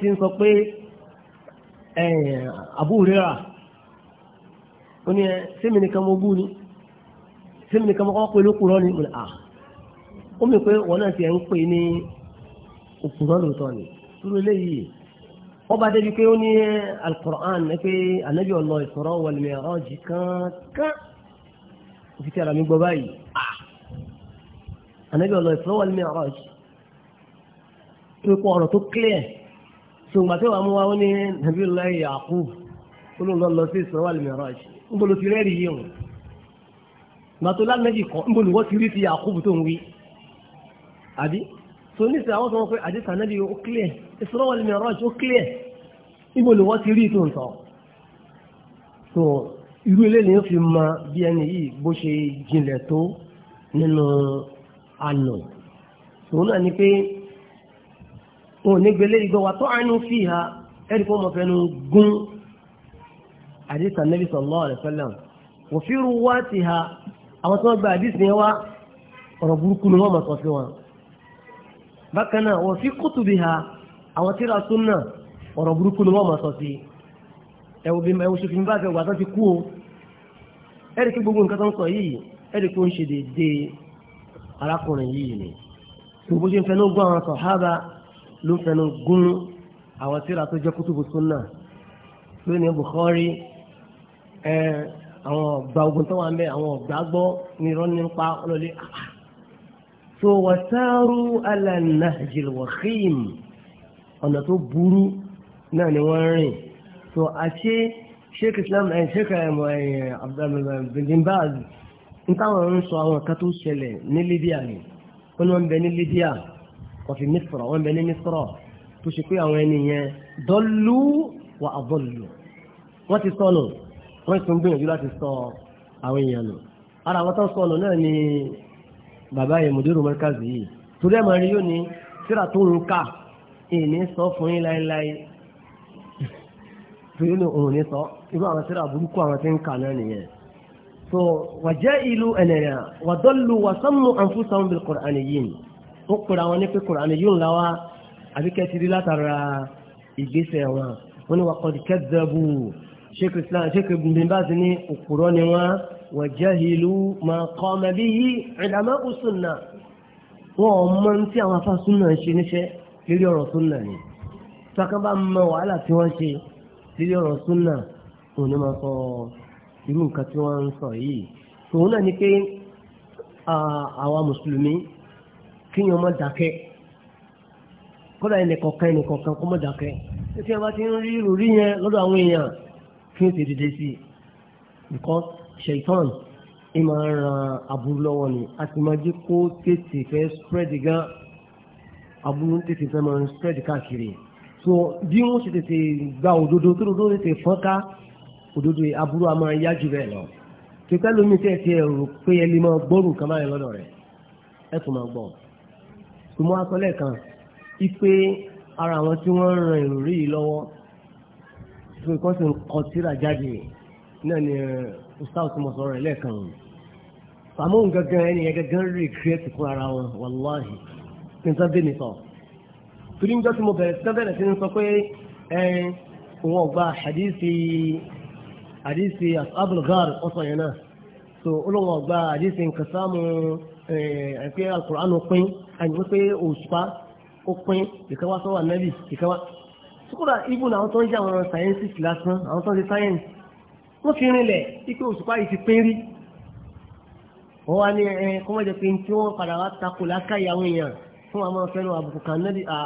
ti ń sọ pé àbúrẹ́ra ó ní ẹ sẹ́mi nìkan mo bú ni sẹ́mi nìkan mo kọ́ pé lókùrọ́ ni mo ní à ó mi pé wọ́n wọ́n bá débi pé ó ní alukur'an pé anabi ọ̀nà ìsọ̀rọ̀ wàlùmí ọ̀rọ̀ jì kankan òfin tí ara mi gbọ́ báyìí anabi ọ̀nà ìsọ̀rọ̀ wàlùmí ọ̀rọ̀ jì tó kọ ọ̀rọ̀ tó clear ṣùgbọ́n àti wàá mú wa ó ní nàbí ọ̀láyé àkú olóńgbò lọ sí ìsọ̀rọ̀ wàlùmí ọ̀rọ̀ jì ń bolo ti rẹ́ẹ̀rì yìí hàn gbàtọ́ lánàá jì kan ń bolo wọ́n ti rí ti àkú tó ń wí àbí so ní sẹ́ àwọn sọ pé àdìsá náà yóò clear Isra wal Miraj ó clear ibo lè wọ́n ti rí ètò nǹkan so irú ilé ni ó fi mọ bí ẹni yìí bó ṣe jinlẹ̀ tó nínú àná òun náà ni pé wọn ò ní gbélé ìgbọ́ wa tó àánú fi ha ẹ̀rí kó mọ̀ fẹ́nu gún àdìsá Nabi sallallahu alaihi wasallam wọ́n ti ha àwọn tí gba àdìsá yẹn wá ọ̀rọ̀ burúkú ni wọ́n mọ̀ sọ sí wọn bákan náà wọ́n fi kótó bí ha àwọn tíra súnà ọ̀rọ̀ burúkú ni wọ́n máa sọ sí ẹ̀wù bí ẹ̀wù ṣùgbọ́n bá fẹ́ wà tó ti kú o ẹ̀rì kí gbogbo nǹkan tó ń sọ yìí ẹ̀rì kí ó ń ṣe déédéé arákùnrin yìí ni gbogbo ṣe ń fẹ́ gún àwọn sàhábà ló ń fẹ́ gún àwọn tíra tó jẹ́ kútùbù súnà lónìí Bukhari ẹ̀ àwọn ọ̀gbà ogun tó wà ń bẹ àwọn ọ̀gbà gbọ́ ní irọ́ nípa ọlọ́lẹ́ àpá ah, so wàtárù alànàjìl wàhíìm ọ̀nà tó burú náà ni wọ́n rìn so àṣé sheikh islam ẹ̀ eh, sheikh eh, eh, abdulhamid baz n táwọn ń sọ àwọn kan tó ṣẹlẹ̀ ní libya ni wọ́n ní wọ́n ń bẹ ní libya kọfí misra wọ́n ń bẹ ní misra tó ṣe pé àwọn ẹni yẹn dọ́lú wà àbọ̀lù wọ́n ti sọnù wọ́n ti tún gbìyànjú láti sọ àwọn èèyàn nù ara àwọn tó sọnù náà ni bàbá yẹn mùdírù mẹ́kàzì yìí torí ẹ̀ máa rí yóò ní síra tó ń kà ìní sọ fún yín láéláé torí ní òun ní sọ irú àwọn síra burúkú àwọn tí ń kà náà nìyẹn so wàjẹ́ ìlú ẹ̀nẹ̀yà wàdọ́lù wàsánmù àǹfùsàn bil kùránì yìí ó kura wọn ní pé yìí ńlá wa àbí kẹ́tìrí látara ìgbésẹ̀ wọn wọn ni wàkọ̀dì kẹ́dẹ́bù sheikh islam وجهلوا ما قام به علماء السنة ومن tí àwọn afá súnà ṣe níṣẹ́ lórí ọ̀rọ̀ súnà ni tọ́kàn bá mọ wàhálà tí wọ́n ṣe lórí ọ̀rọ̀ súnà òun ni máa sọ irú nǹkan tí wọ́n ń sọ yìí tòun náà ni pé àwa mùsùlùmí kíyàn má dákẹ́ kódà ẹnìkọ̀ọ̀kan ẹnìkọ̀ọ̀kan kó má dákẹ́ tí wọ́n bá ti ń rí ìròrí yẹn lọ́dọ̀ àwọn èèyàn kí n ti dìde sí i because ṣèitán ìmọ̀ ran aburú lọ́wọ́ ni a ti máa jẹ́ kó tètè fẹ́ spread gan aburú tètè fẹ́ máa spread káàkiri so bí wọ́n ṣe tètè gba òdodo tó dodo tètè fọ́nká òdodo aburú a máa yá jù bẹ́ẹ̀ lọ tètè lómi tẹ̀ ti ẹ̀rù pé ẹni máa gbọ́rù kan báyìí lọ́dọ̀ rẹ̀ ẹ tún máa gbọ́ tó akọ́lẹ̀ kan ipe ara àwọn tí wọ́n ń ran ìròrí yìí lọ́wọ́ tó ìkọ́sìn kọtíra jáde náà ni ustaz tí mo sọ̀rọ̀ rẹ̀ lẹ́ẹ̀kan wọn fàmóhùn gangan ẹni yẹn gangan rí kírẹ́tì fún ara wọn wàláhì nǹkan bẹ́ẹ̀ mi sọ torí ń jọ́ tí mo bẹ̀rẹ̀ sí bẹ̀rẹ̀ sí ní sọ pé wọn gba àdìsí àdìsí abulgar ọ̀sán yẹn náà so olóhùn ọgbà àdìsí nǹkan sáàmù ẹ̀pẹ́ alukùránù pín àyìnbó pé òṣùpá ó pín ìkẹwàá sọ́wọ́ ànábì ìkẹwàá. sukura ibu àwọn tó ń jẹ́ àwọn sáyẹ́nsì lásán àwọn tó ń ṣe sáyẹ́nsì wọ́n fi rinlẹ̀ ike òṣùpá yìí ti pé rí wọ́n wá ní ẹ kọ́ mọ́jọ pé tí wọ́n padà wá takò lákàyè àwọn èèyàn fún àwọn afẹ́nu àbùkù kan náà di a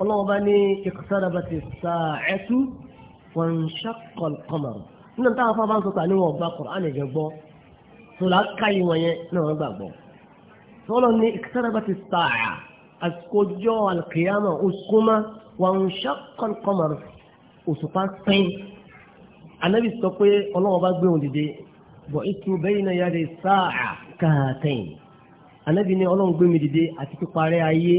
ọlọ́wọ́n bá ní ìkọ̀sára bá ti sa ẹ̀tú wọn ṣàkọl kọmọr nínú táwọn afọ́ bá ń sọ̀tà níwọ̀n ọba kọ̀ọ̀ àná ìjọ gbọ́ tó lákàyè wọn yẹn náà wọ́n gbàgbọ́ tọ́lọ́ ní anabi sọ pé ọlọ́wọ́ bá gbé òun dìde bọ̀ ètò bẹ́yìn náà yára sáà káàtẹ́yìn anabi ní ọlọ́run gbé mi dìde àti píparẹ́ ayé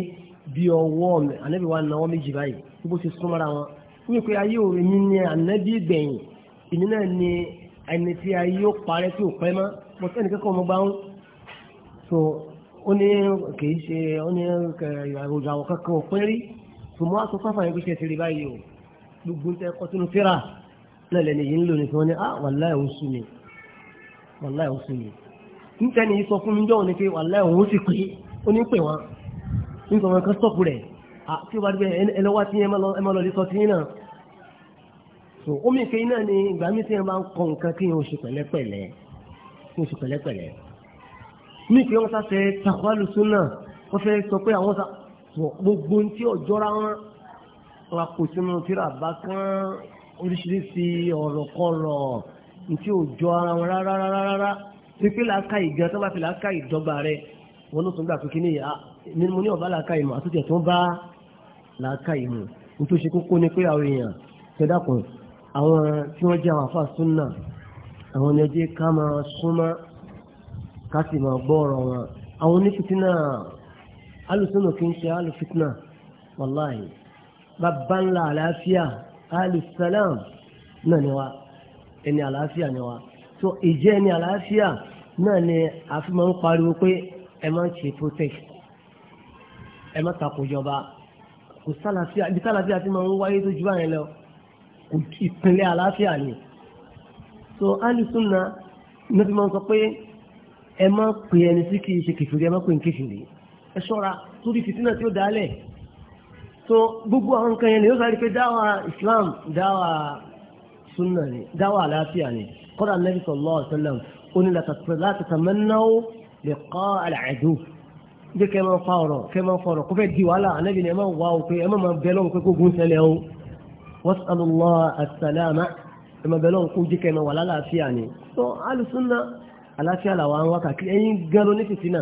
bí ọwọ́ mi anabi wa náwó méjì báyìí bí bó ti súnmọ́ra wọn wọ́n yẹ pé ayé òun mi ní anabi gbẹ̀yìn ìní náà ní ẹni tí ayé ó parẹ́ tí ò pẹ́ mọ́ mo tẹ́ ẹnìkẹ́kọ̀ọ́ ọmọ gbáhùn so ó ní kìí ṣe ó ní ìròyìn àwọn kankan ò pín rí so mo á sọ náà lẹ́nu yìí ń lò ní fún wọn ní ah wàláì òun sú mi wàláì òun sú mi níta ni sọ fún mi jọ́ òní pé wàláì òun sì pé ó ní pè wọn nígbà wọn kan sọ́ọ̀pù rẹ̀ ah tí ó bá dé ẹlọ́wà tí ẹ máa lọ lè sọ sí yín náà so omi ìfẹ́ iná ni ìgbà mi tí ẹ máa ń kọ nǹkan kí n oṣù pẹ̀lẹ́pẹ̀lẹ́ kí n oṣù pẹ̀lẹ́pẹ̀lẹ́ mi ìfẹ́ wọn sáfẹ́ tàkọ́lù súnà wọ́n oríṣiríṣi ọ̀rọ̀ kọ̀rọ̀ nítí ò jọ ara wọn rárá rárá rárá pípé làákà ìgbà tó bá fi làákà ìdọ́gba rẹ wọn ló tún gbà pé kíní ni mo ní ọ̀bá làákà ìmọ̀ àtúntì tó bá làákà ìmọ̀ nítorí ṣe kókó ni pé àwọn èèyàn tẹ́dàkùn àwọn tí wọ́n jẹ́ àwọn àfáà súnà àwọn ni ọjọ́ ká máa súnmọ́ ká sì máa gbọ́ ọ̀rọ̀ wọn àwọn onífìtínà alùsùnà kì í ṣe alùfìtínà wàláì bàbá ńlá àlàáfíà alìsàlám náà ni wa ẹni àlàáfíà ni wa so ìjẹ́ ẹni àlàáfíà náà ni àfihàn ń pariwo pé ẹ máa ń ṣe protest ẹ má takò ìjọba kò sálàáfíà ibi sálàáfíà ti máa ń wáyé tó ju lọ kò ìpínlẹ̀ àlàáfíà ni so alìsúnà náà fi máa ń sọ pé ẹ má pè ẹni sí kì í ṣe kìfìrí ẹ má pè ní kìfìrí ẹ ṣọ́ra torí fìtínà tí ó dálẹ̀ so gbogbo àwọn nǹkan yẹn ni yóò sáré pé dáwà islam dáwà sunna ni dáwà àlàáfíà ni kọ́dà nabi sallallahu alaihi wasallam ó ní láti tamannaw liqa al-adu bí kẹ́ máa fa ọ̀rọ̀ kẹ́ máa fa ọ̀rọ̀ kó fẹ́ di wàhálà anabi ni ẹ máa wá o pé ẹ máa máa bẹ kó gun ṣẹlẹ̀ o wasalùlọ́ asalama ẹ máa bẹ lọ́wọ́ jẹ́ kẹ́ máa wà lálàáfíà ni so alùsùn náà àlàáfíà làwọn wákàtí ẹ̀yin gan ló ní fìtínà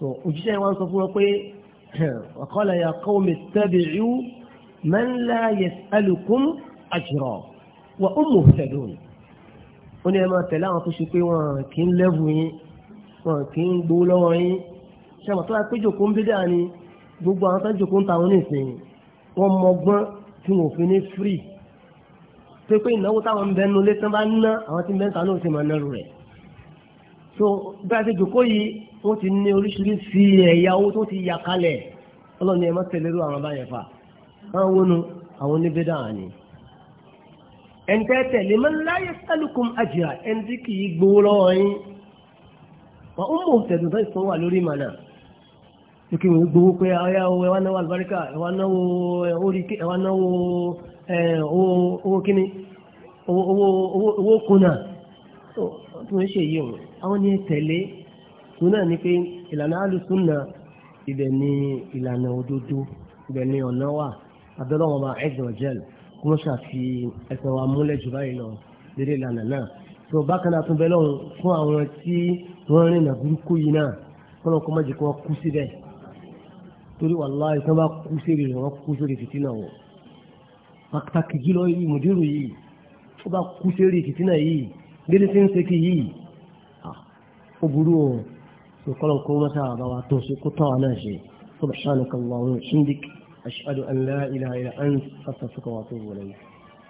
so òjíṣẹ́ wọn sọ fún wọn pé ọ̀kọ́lẹ̀ yà kọ́ omi tẹ́bìrì man la yas'alukum ajra wa hum muhtadun ó ní ẹ máa tẹ̀lé àwọn tó ṣe pé wọn kì í lẹ́bù yín wọn kì í gbowó lọ́wọ́ yín ṣe àmọ́ tó wá pé jòkó ń bídà ni gbogbo àwọn tó jòkó ń ta àwọn nìsín wọn mọgbọ́n tí wọn ò fi ní fírì pé pé ìnáwó táwọn ń bẹnu lé tán bá ń ná àwọn tí ń bẹ́ńtà náà ti wọ́n ti ní oríṣiríṣi ẹ̀yà owó tó ti yà kalẹ̀ ọlọ́ni ẹ̀ má tẹ̀lé irú àwọn báyẹn fà àwọn wọnú àwọn oníbẹ̀dà ni. ẹ̀ǹtẹ́ tẹ̀lé man la yas'alukum ajra ẹ̀ǹtí kì í gbowó lọ́wọ́ yín wọ́n ń bò tẹ̀dùn sọ́yìn fún wa lórí ìmọ̀nà kí wọ́n gbowó pé ọ̀yà owó ẹ̀wà náwó àlùbáríkà ẹ̀wà náwó ẹ̀wà náwó owó kíní owó kùnà tó ń ṣe yìí àwọn ni ẹ tẹ̀lé sunna ni pé ìlànà alùsùnà ibẹ̀ ni ìlànà òdodo ibẹ̀ ni ọ̀nà wà abẹ́rẹ́ wọn bá ẹ̀gbọ̀jẹ́l kí wọ́n ṣàfi ẹsẹ̀ wa múlẹ̀ jù báyìí lọ lédè ìlànà náà tó bákan náà tún bẹ́ lọ́run fún àwọn tí wọ́n rìn nà burúkú yìí náà kọ́nà kọ́ má jẹ́ kí wọ́n kú síbẹ̀ torí wàláhì tí wọ́n bá kú sórí rẹ̀ wọ́n kú sórí fìtínà wọ̀ pàtàkì jùlọ yìí mùdírù yìí ó bá kú sórí fìtínà yìí délé tí yìí ó burú o. وقال قوم هذا واتوسي قطع ناشي سبحانك الله وحمدك أشهد أن لا إله إلا أنت أستغفرك وأتوب إليك